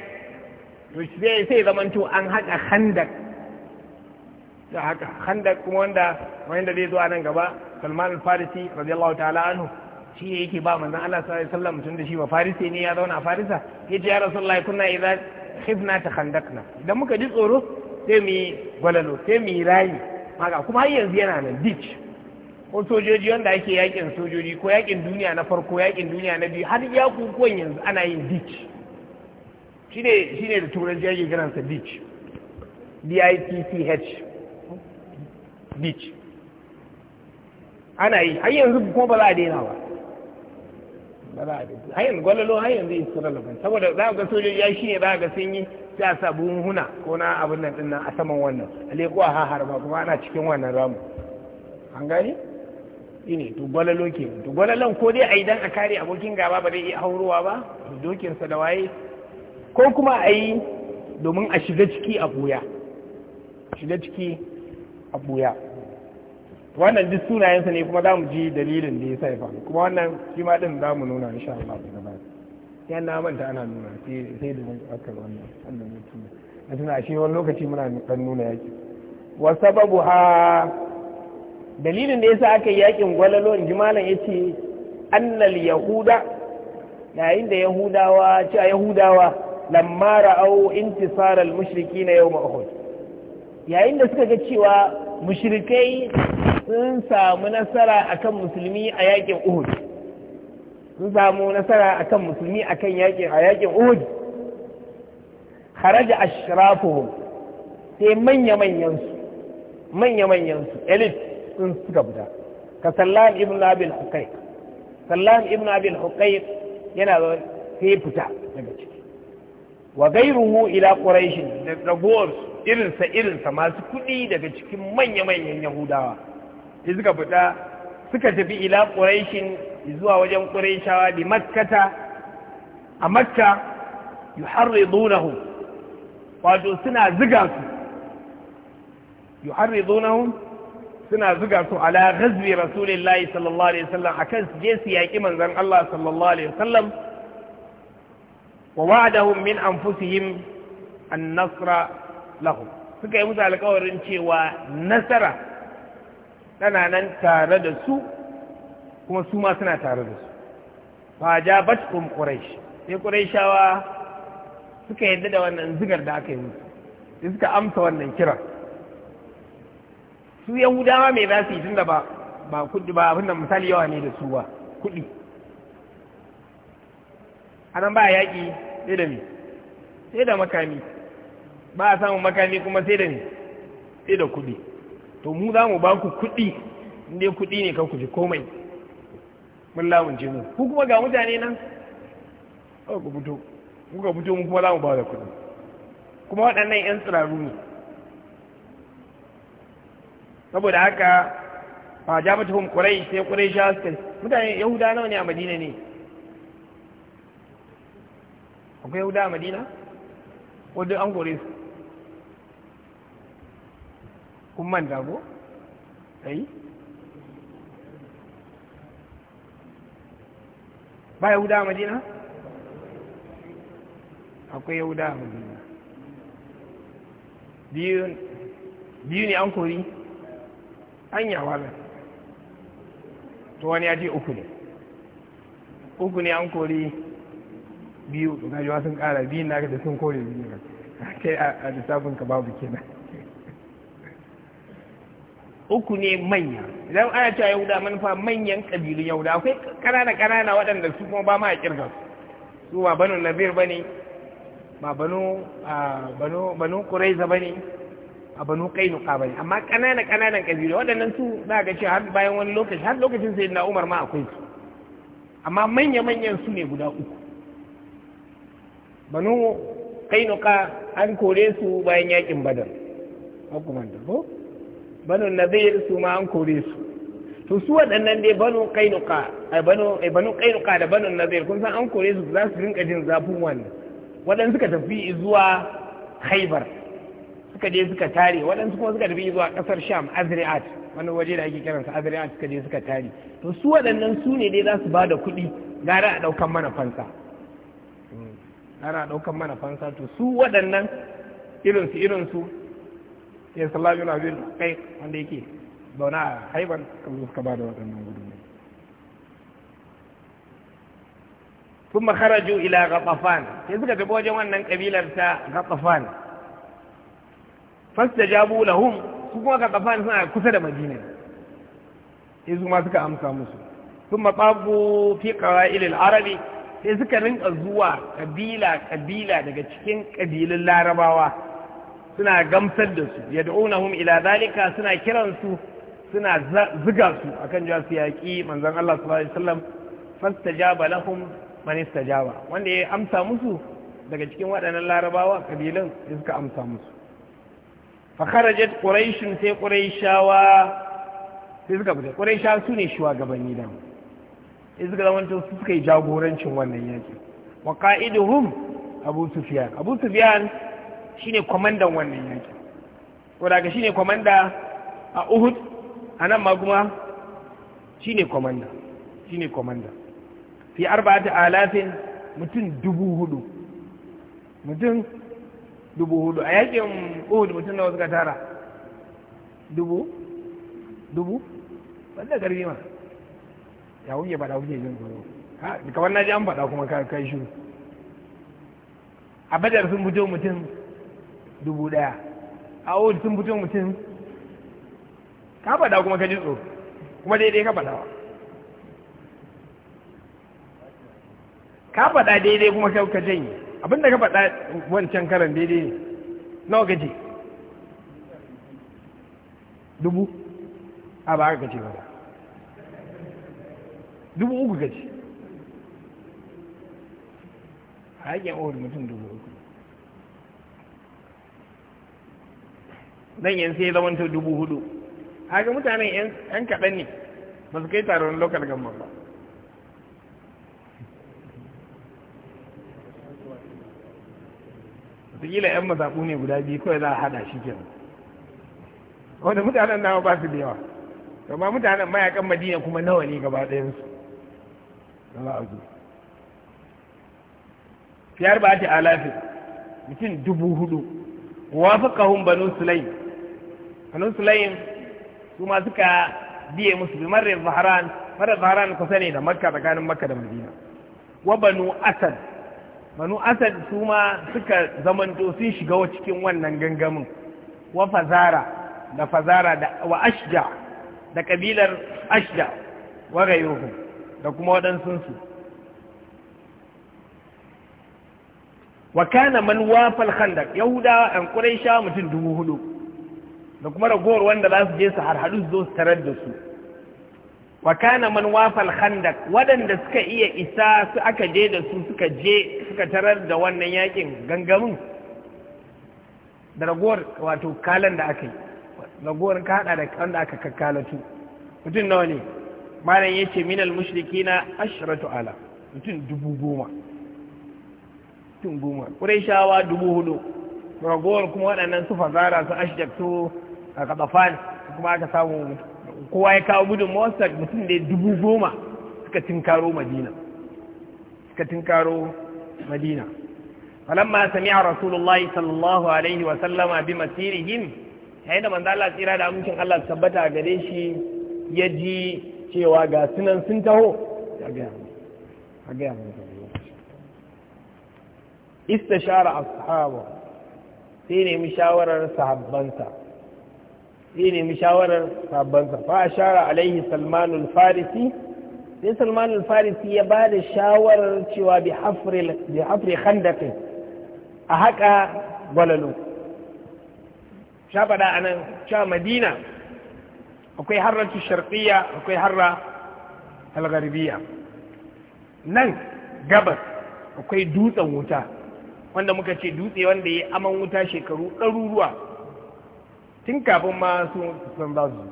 to sai zaman to an haka handak da haka handak kuma wanda wanda zai zo a nan gaba Salman al-Farisi radiyallahu ta'ala anhu shi ne yake ba manzon Allah sallallahu alaihi wasallam tun da shi ba farisi ne ya zauna a farisa yace ya rasulullahi kunna idza khifna takhandakna idan muka ji tsoro sai mu yi gwalalo sai mu yi rayi maka kuma har yanzu yana nan ditch ko sojoji wanda ake yakin sojoji ko yakin duniya na farko yakin duniya na biyu har ya kukuwan yanzu ana yin ditch shine shine da turanci ake kiransa ditch D-I-T-C-H ditch ana yi har yanzu kuma ba za a daina ba ba za a da har yanzu gwalalo har yanzu in sura lafin saboda za ga sojoji shi ne za ga sun yi sai a sa buhunhuna ko na abin nan din nan a saman wannan aleko a ha harba kuma ana cikin wannan ramu an gani ne to gwalalo ke to gwalalon ko dai a yi dan a kare abokin gaba ba zai iya haurowa ba dokinsa da waye ko kuma a yi domin a shiga ciki a buya shiga ciki a buya wannan duk sunayensa ne kuma za mu ji dalilin da ya sa faru kuma wannan shi ma din za mu nuna sha Allah da gaba yan na manta ana nuna sai da aka wannan wannan mutum a tuna shi wani lokaci muna dan nuna yaki wa sababu ha dalilin da yasa aka yakin gwalalo in ji malam yace annal yahuda yayin da yahudawa cewa yahudawa lamma ra'au intisar al-mushrikeena yawm uhud yayin da suka ga cewa mushrikai sun samu nasara akan musulmi a yakin uhud sun samu nasara akan musulmi akan yakin a yakin uhud kharaja ashrafuhum sai manya manyan su manya manyan su elite sun suka fita ka sallam ibn abi al-huqayq sallam ibn abi al-huqayq yana sai fita daga ciki wa gairuhu ila quraish da ragowar irinsa irinsa masu kuɗi daga cikin manya-manyan yahudawa sai suka fita suka tafi ila ƙuraishin zuwa wajen ƙuraishawa bi makkata a makka yuharridunahu wato suna ziga su yuharridunahu suna ziga su ala ghazwi rasulillahi sallallahu alaihi wasallam akan su je su yaƙi manzan Allah sallallahu alaihi wasallam wa wa'adahum min anfusihim an-nasra lahum suka yi musu alƙawarin cewa nasara tana nan tare da su kuma su ma suna tare da su faja batkum quraish sai quraishawa suka yadda da wannan zigar da aka yi musu sai suka amsa wannan kira su yahudawa me za su yi tunda ba ba kudi ba abin da misali yawa ne da su ba kudi anan ba yaƙi sai da me sai da makami ba a samun makami kuma sai da me sai da kudi to mu za mu ba ku kuɗi inda kuɗi ne kan ku ji komai mun lamunce mu ku kuma ga mutane nan ku fito kuka fito mu kuma za mu ba da kuɗi kuma waɗannan 'yan tsiraru ne saboda haka a jabatuhum quraish sai sha suka mutane yahuda nawa ne a madina ne akwai yahuda a madina wadda an kore su kun manta ko ai ba yahuda a madina akwai yahuda a madina biyu ne an kori an yawa nan to wani ya ce uku ne uku ne an kori biyu gajiwa sun kara biyu na da sun kori biyu a lissafin ka babu kenan uku ne manya idan ana cewa yahuda manufa manyan kabilun yahuda akwai kanana kanana waɗanda su kuma ba ma a kirga su ba banu nazir bane ba banu banu banu quraiza bane a banu kainuka bane amma kanana kananan kabilu waɗannan su za ga cewa har bayan wani lokaci har lokacin na umar ma akwai su amma manya manyan su ne guda uku banu kainuka an kore su bayan yakin badar hukumar da ko banu nadir su ma an kore su to su waɗannan dai banu kainuka ai eh, banu ai eh, banu kainuka da banu nadir kun san an kore su za su rinka jin zafin wannan waɗansu suka tafi zuwa haibar suka je suka tare waɗansu kuma suka tafi zuwa ƙasar sham azri'at wani waje da ake kiransa azri'at suka je suka tare to su waɗannan su ne dai za su ba da kuɗi gara a ɗaukan mana fansa hmm, gara a ɗaukan mana fansa to su waɗannan irinsu irinsu ya sallaju na bin kai wanda yake zaune a haiban kan ka suka ba da waɗannan gudunmu sun makaraju ila gatsafan sai suka tafi wajen wannan kabilar ta gatsafan fasta jabu lahum su kuma gatsafan suna kusa da madina sai su ma suka amsa musu sun matsabu fi ƙawa'ilil arabi sai suka rinka zuwa ƙabila ƙabila daga cikin ƙabilun larabawa suna gamsar da su yad'unahum ila zalika suna kiransu suna ziga su akan jawa su yaƙi manzon Allah sallallahu alaihi wasallam fastajaba lahum man istajaba wanda ya amsa musu daga cikin waɗannan larabawa kabilan da suka amsa musu fa kharajat quraish sai quraishawa sai suka fita quraishawa su ne shugabanni da izga suka zama su suka yi jagorancin wannan yaki wa qa'iduhum abu sufyan abu sufyan shine kwamandan wannan yakin wadda shi shine kwamanda a uhud a nan ma kuma shine kwamanda shine kwamanda fi arba'ati alafin mutum dubu hudu mutum dubu hudu a yakin uhud mutum nawa suka tara dubu dubu wanda garbi ma ya wuce faɗa kuke jin tsoro kamar na ji an faɗa kuma kai shi a badar sun fito mutum dubu ɗaya a wuri sun fito mutum ka faɗa kuma ka ji tsoro kuma daidai ka faɗa ka faɗa daidai kuma ka janye abinda ka faɗa wancan karan daidai ne nawa ka dubu a ba ka ce ba dubu uku ka ce a yakin mutum dubu uku nan yan sai ta dubu hudu haka mutanen yan kaɗan ne ba su kai taron lokal gamban ba watakila yan mazaɓu ne guda biyu kawai za a haɗa shi ke wanda mutanen nawa ba su da yawa amma mutanen mayakan madina kuma nawa ne gaba ɗayansu Allah azu fiyar ba ta alafi mutum dubu hudu wafakahun banu sulaim hannun sulaim su ma suka biye musu bi marar zaharan marar zaharan kusa ne da makka tsakanin makka da madina wa banu asad banu asad su ma suka zamanto sun shiga cikin wannan gangamin wa fazara da fazara da wa ashja da kabilar ashja wa gayruhum da kuma waɗansunsu wa kana man wafal khandak yahuda an quraisha mutum dubu hudu da kuma ragowar wanda za su je su harhaɗu su zo su tarar da su wa kana man wafal khandak waɗanda suka iya isa su aka je da su suka je suka tarar da wannan yakin gangamin da ragowar wato kalan da aka yi ragowar ka hada da wanda aka kakkalatu mutum nawa ne malam ya ce minal mushriki na ashiratu ala mutum dubu goma mutum goma ƙurai shawa dubu hudu ragowar kuma waɗannan su fazara su ashdak su a katsafan kuma aka samu kowa ya kawo gudun mawasar mutum da dubu goma suka tinkaro madina suka tinkaro madina falamma sami'a rasulullahi sallallahu alaihi wa sallama bi masirihim yayin da manzo Allah tsira da amincin Allah tabbata gare shi ya ji cewa ga sunan sun taho ya ga ya ga istashara ashabu sai nemi shawarar sahabbansa zai nemi shawarar sabbansa fa ashara alaihi salmanul farisi sai salmanul farisi ya ba da shawarar cewa bi hafri khandaqin a haka gwalalu shafada anan a nan cewa madina akwai harratu sharqiya akwai harra algarbiya nan gabas akwai dutsen wuta wanda muka ce dutse wanda ya aman wuta shekaru ɗaruruwa tun kafin ma su san ba su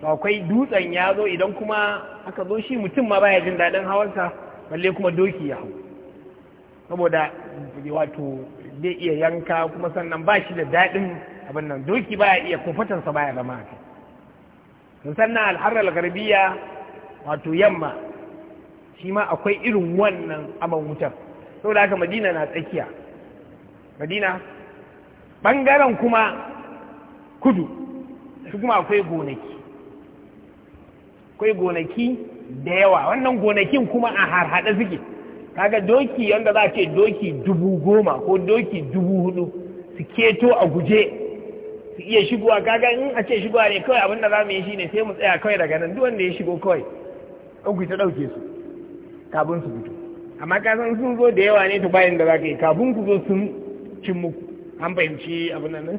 to akwai dutsen ya zo idan kuma aka zo shi mutum ma baya jin daɗin hawansa balle kuma doki ya hau saboda wato zai iya yanka kuma sannan ba shi da daɗin abin nan doki baya iya kofatansa baya zama haka sannan alharar garbiya wato yamma shi ma akwai irin wannan aban wutar saboda haka madina na tsakiya madina ɓangaren kuma kudu su kuma akwai gonaki akwai gonaki da yawa wannan gonakin kuma a harhaɗe suke kaga doki yadda za a ce doki dubu goma ko doki dubu hudu su keto a guje su iya shigowa kaga in a ce shigowa ne kawai abinda za mu yi shine sai mu tsaya kawai daga nan duk wanda ya shigo kawai ɗauki ta ɗauke su kabin su fito amma ka san sun zo da yawa ne to bayan da za ka yi ku zo sun cin muku an fahimci abin nan eh?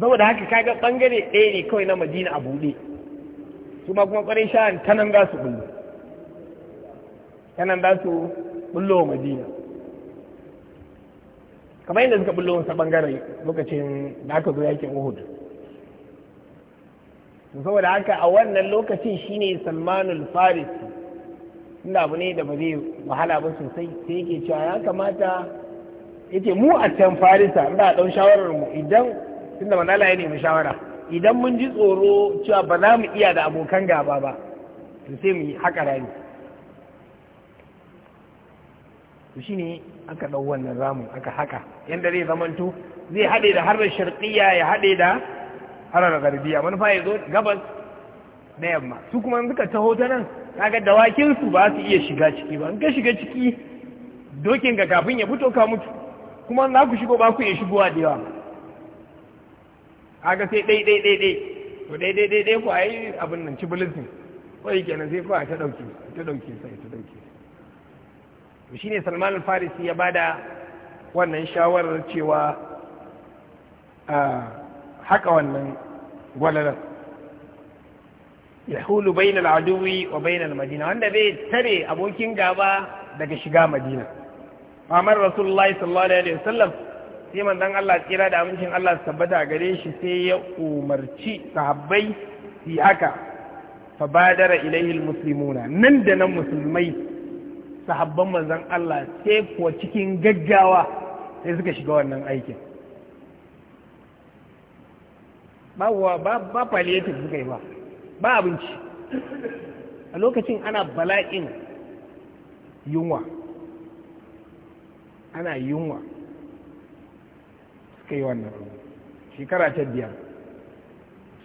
da haka kaga bangare ɗaya ne kawai na madina a buɗe su ma kuma ƙwarai sha'an ta nan za su ɓullo ta nan za su ɓullo wa madina kamar yadda suka ɓullo wasu bangare lokacin da aka zo yakin uhud saboda haka a wannan lokacin shine salmanul faris inda abu ne da ba zai wahala ba sosai sai yake cewa ya kamata yake mu a can farisa inda a ɗau shawarar mu idan tunda manala ya nemi shawara idan mun ji tsoro cewa ba za mu iya da abokan gaba ba to sai mu yi haka rani, to shine aka ɗau wannan zamu aka haka yadda zai zamanto zai haɗe da harar sharqiyya ya haɗe da harar garbiya manufa ya zo gabas na yamma su kuma suka taho ta nan kaga dawakin su ba su iya shiga ciki ba in ka shiga ciki dokin ga kafin ya fito ka mutu kuma za ku shigo ba ku iya shigowa da yawa kaga sai dai dai dai dai to dai dai dai dai ko ai abin nan ci bulletin kai kenan sai ko ta dauke ta dauke sai ta dauke to shine Salman al-Farisi ya bada wannan shawarar cewa a haka wannan gwalalar yahulu bainal aduwi wa bainal madina wanda bai tare abokin gaba daga shiga madina Muhammad Rasulullahi sallallahu alaihi wasallam sai manzon Allah kira da amincin Allah su tabbata gare shi sai ya umarci sahabbai su haka fa badara ilaihi almuslimuna nan da nan musulmai sahabban manzon Allah sai kuwa cikin gaggawa sai suka shiga wannan aikin ba ba palliative suka yi ba ba abinci a lokacin ana bala'in yunwa ana yunwa suka yi wannan shekara ta biyar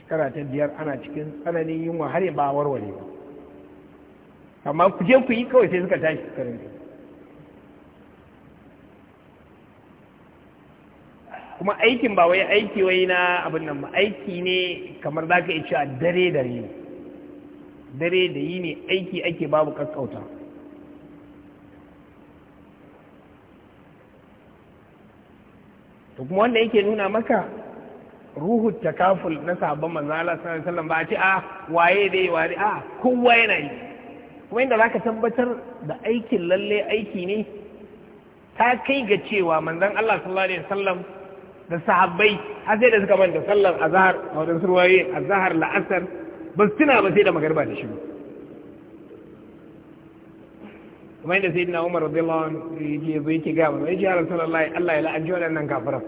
shekara ta biyar ana cikin tsananin yunwa har ya ba warware ba amma ku je ku yi kawai sai suka tashi su rinka kuma aikin ba wai aiki wai na abin nan ba aiki ne kamar za ka iya cewa dare yi dare da yi ne aiki ake babu kakkautawa to kuma wanda yake nuna maka ruhu takaful na sabon manzo Allah sallallahu alaihi wasallam ba a ce a ah, waye dai waye a ah, kowa yana yi kuma inda zaka tabbatar da aikin lalle aiki ne ta kai ga cewa manzon Allah sallallahu alaihi wasallam da sahabbai har sai da suka manta sallar azhar a wajen surwaye azhar la'asar ba su tuna ba sai da magarba da shigo kuma yadda sai dina umar radiyallahu anhu yake zo yake ga mu ya rasulullahi Allah ya la'anci waɗannan kafiran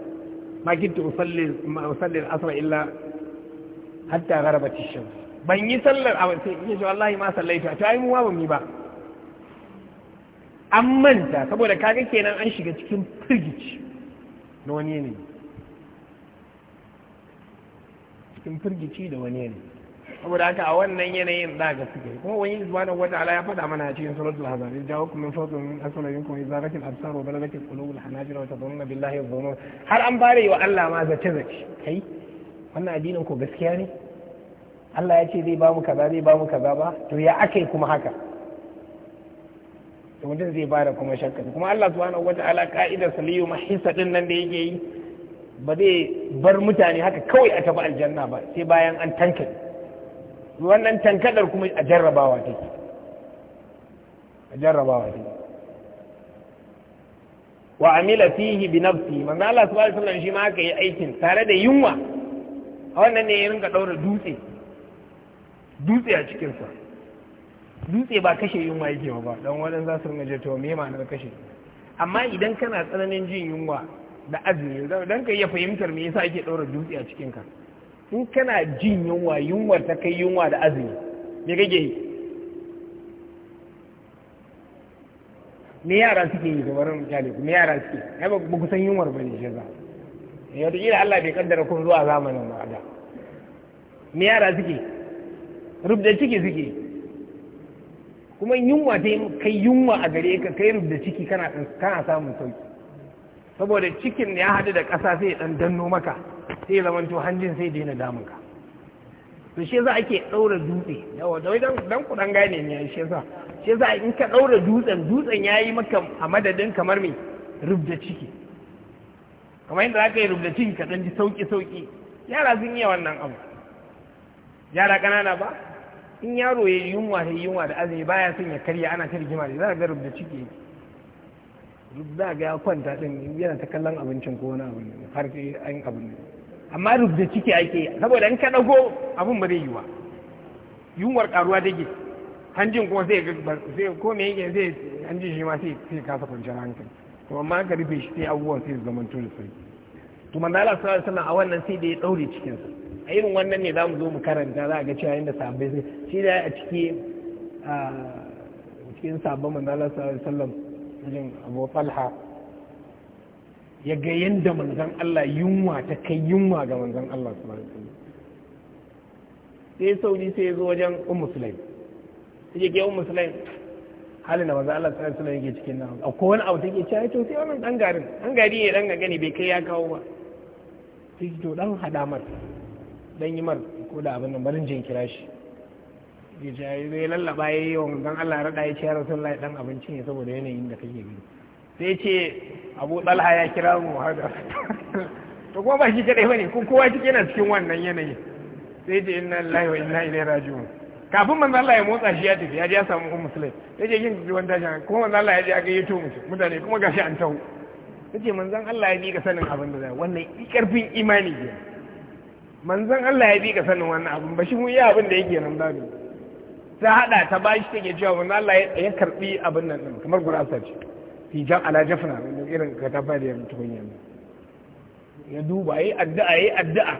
ma kintu usalli usalli al-asr illa hatta gharabat ash-shams ban yi sallar a wasu yake ce wallahi ma sallaita to ai mu ba mu ba an manta saboda kaga kenan an shiga cikin firgici na wani ne cikin firgici da wani ne saboda haka a wannan yanayin da ga suke kuma wani subhanahu wataala ya faɗa mana a cikin suratul ahzab in ja'akum min fawqi min asfalikum idza rakat absar wa balagatil qulubul hanajir wa tadhunna billahi dhunun har an bare wa Allah ma zace zace kai wannan addinin ko gaskiya ne Allah ya ce zai ba mu kaza zai ba mu kaza ba to ya akai kuma haka to mutum zai bada kuma shakka kuma Allah subhanahu wataala ka'idar saliyu mahissa din nan da yake yi ba zai bar mutane haka kawai a tafi aljanna ba sai bayan an tankare wannan tankadar kuma a jarrabawa take a jarrabawa take wa amila fihi bi nafsi manzo Allah subhanahu wa ta'ala shi ma aka yi aikin tare da yunwa a wannan ne ya rinka daura dutse dutse a cikin sa dutse ba kashe yunwa yake ba dan wadan za su rinka je to me ma'anar kashe amma idan kana tsananin jin yunwa da azumi dan ka iya fahimtar me yasa ake daura dutse a cikin ka in kana jin yunwa yunwar ta kai yunwa da azumi me kake yi me yara suke yi da barin misali me yara suke ai ba ku san yunwar ba ne shi za ya da Allah bai kaddara kun zuwa zamanin ba da me yara suke rubda ciki suke kuma yunwa ta kai yunwa a gare ka kai rubda ciki kana kana samun sauki saboda cikin ya haɗu da ƙasa sai ɗan danno maka sai ya zamanto hanjin sai daina damun ka to shi yasa ake ɗaura dutse yawa da wajen dan ku dan gane ne shi yasa shi yasa in ka ɗaura dutsen dutsen ya yi maka a madadin kamar me rubda ciki kamar yadda ka yi rubda ciki ka ɗan ji sauƙi sauƙi yara sun yi wannan abu yara ƙanana ba in yaro ya yi yunwa ta yi yunwa da azumi baya son ya karya ana ta rigima da za ka ga rubda ciki yake za ga ya kwanta din yana ta kallon abincin ko wani abu har sai an abu ne amma rubda ciki ake saboda in ka dago abun ba zai wa. yunwar karuwa ke hanjin kuma zai sai ko me yake sai hanjin shi ma sai sai kasa kwanciyar hankali to amma ka rufe shi sai abubuwa sai su zama tun da sauki to manzo Allah sallallahu alaihi wasallam a wannan sai da ya daure cikin sa a irin wannan ne zamu zo mu karanta za a ga cewa inda sabbai sai shi da a ciki a cikin sabbin manzo Allah sallallahu alaihi wasallam mijin abu talha ya ga yadda manzan Allah yunwa ta kai yunwa ga manzan Allah su sai sauri sai ya zo wajen un musulai sai ya ke un musulai halin da manzan Allah sallallahu alaihi yake cikin nan akwai wani abu take cewa to sai wannan dan garin dan gari ne dan gani bai kai ya kawo ba sai to dan hada mar dan yi mar ko da abin nan barin jin kira shi ya jayi zai lallaba ya yi wa manzon Allah raɗa ya ce ya lai ɗan abincin ya saboda yanayin da kake gani sai ce abu ɗalha ya kira mu hada to kuma ba shi kadai ne kun kowa shi yana cikin wannan yanayi sai ce inna lai wa inna ilaihi mu. kafin manzo Allah ya motsa shi ya tafi ya je ya samu musulai sai ce kin yin zuwan tashin kuma manzo Allah ya je aka yi to mutane kuma gashi an taho man zan Allah ya bi ka sanin abin da zai wannan ƙarfin imani ne manzan Allah ya bi ka sanin wannan abin ba shi mun yi abin da yake nan babu ta hada ta bashi take cewa manzo Allah ya karbi abin nan din kamar gurasa ce fijan ala jafna irin katafa da tukunya ya duba yi addu'a yi addu'a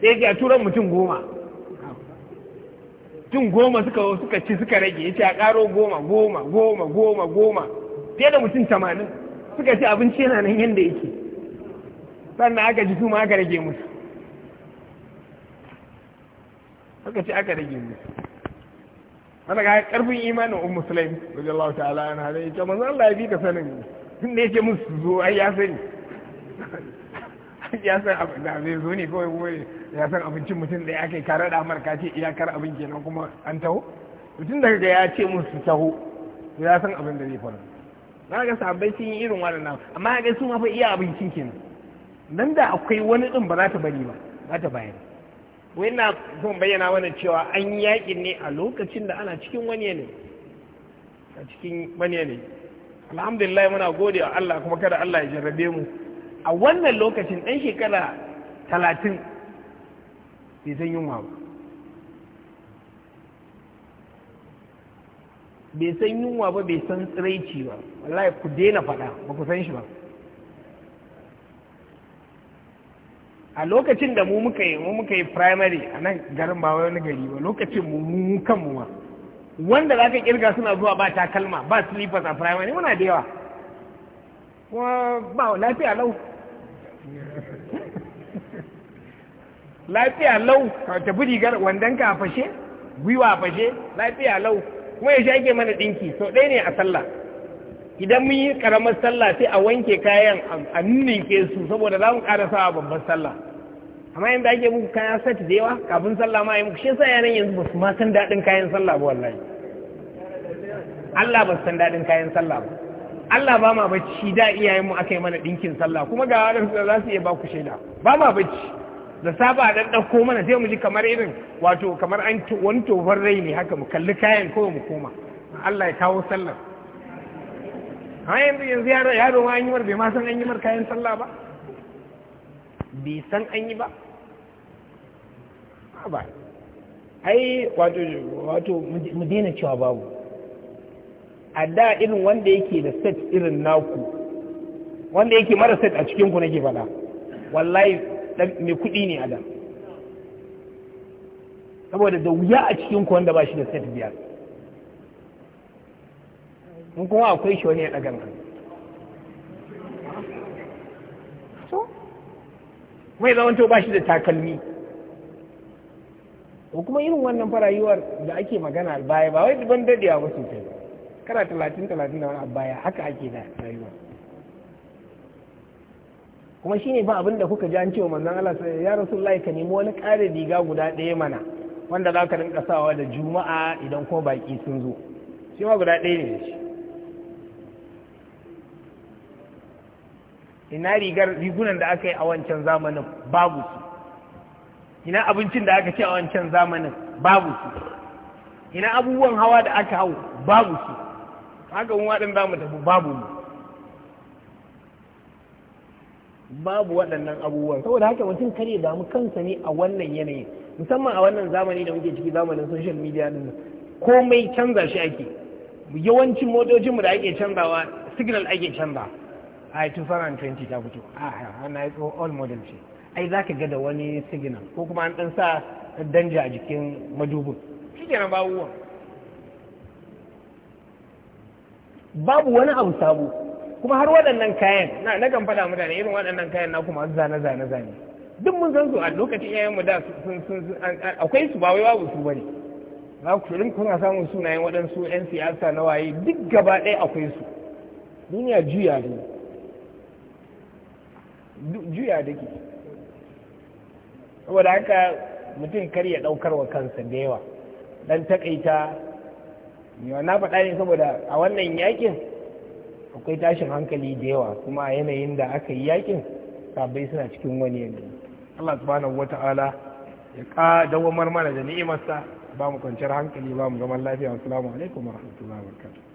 sai ga turan mutum goma tun goma suka suka ci suka rage ya ce a karo goma goma goma goma goma fiye da mutum tamanin suka ci abinci yana nan yanda yake sannan aka ji su ma aka rage musu aka ci aka rage musu wanda ga karfin imanin ummu sulaim radiyallahu ta'ala anha dai ita manzo Allah ya bi ka sanin tun da yake musu zo ai ya sani ya san abu da zai zo ne kawai kuma ya san abincin mutum da ya kai kare da mar ka ce iyakar abin kenan kuma an taho mutum da ga ya ce musu taho ya san abin da zai faru na ga sabai sun yi irin waɗannan amma ga su ma fa iya abincin kenan nan da akwai wani din ba za ta bari ba za ta bayani na zan bayyana mana cewa an yakin ne a lokacin da ana cikin wani yanayi a cikin wani yanayi alhamdulillah muna gode wa Allah kuma kada Allah ya jarrabe mu a wannan lokacin ɗan shekara talatin bai san yunwa ba bai san yunwa ba bai san tsiraici ba wallahi ku daina faɗa ba ku san shi ba a lokacin da mu muka yi mu muka yi primary a nan garin ba wani gari ba lokacin mu mu kanmu ma wanda za ka kirga suna zuwa ba takalma ba slippers a primary muna da yawa kuma ba lafiya lau lafiya lau ka budi rigar wandan ka fashe gwiwa fashe lafiya lau kuma ya shage mana dinki sau dai ne a sallah idan mun yi karamar sallah sai a wanke kayan a nuninke su saboda za mu ƙara a babbar sallah amma da ake muku kayan sati da yawa kafin sallah ma yi muku shi yasa yanayin yanzu ba su ma san daɗin kayan sallah ba wallahi Allah ba su san daɗin kayan sallah ba Allah ba ma bacci da iyayen mu aka yi mana ɗinkin sallah kuma ga waɗansu za su iya ba ku shaida ba ma bacci da saba a ɗaɗɗauko mana sai mu ji kamar irin wato kamar an wani tofar rai ne haka mu kalli kayan kawai mu koma Allah ya kawo sallah amma yanzu yanzu yaro ma an yi mar bai ma san an yi mar kayan sallah ba bai san an yi ba ba ai wato mu daina cewa babu a da irin wanda yake da set irin naku wanda yake mara set a cikinku nake faɗa wallahi mai kuɗi ne a da saboda da wuya a cikinku wanda ba shi da set biyar in kuma akwai shi wani ya daga nan kuma ya zamanto ba shi da takalmi ko kuma irin wannan farayuwar da ake magana baya ba wai ban dadewa ba sosai kana talatin talatin da wani albaya haka ake da rayuwa kuma ne ba abin da kuka ji an cewa manzan Allah sai ya rasulullahi ka nemi wani kare riga guda ɗaya mana wanda za ka rinka sawa da juma'a idan kuma baki sun zo shi ma guda ɗaya ne shi ina rigar rigunan da aka yi a wancan zamanin babu su ina abincin da aka ci a wancan zamanin babu su ina abubuwan hawa da aka hau babu su haka mu waɗin za mu tafi babu mu babu waɗannan abubuwan saboda haka mutum kare damu kansa ne a wannan yanayin musamman a wannan zamani da muke ciki zamanin social media din komai canza shi ake yawancin motocinmu da ake canzawa signal ake canza a 2020 ta fito a na yi all model ce ai za ka ga da wani signal ko kuma an ɗan sa danja a jikin madubin shi ke babu babu wani abu sabo kuma har waɗannan kayan na na kan faɗa mutane irin waɗannan kayan na kuma zane zane zane duk mun san su a lokacin yayin mu da sun sun akwai su ba wai babu su bane za ku shirin kuna samun sunayen waɗansu 'yan siyasa na waye duk gaba ɗaya akwai su duniya juya ne juya da ke saboda haka mutum kar ya ɗaukar wa kansa da yawa ɗan takaita na faɗa ne saboda a wannan yakin akwai tashin hankali da yawa kuma a yanayin da aka yi yakin sabai suna cikin wani yanayi Allah subhanahu ta'ala ya ka dawamar mana da ni'imarsa ba mu kwanciyar hankali ba mu zaman lafiya assalamu alaikum wa rahmatullahi wa barakatuh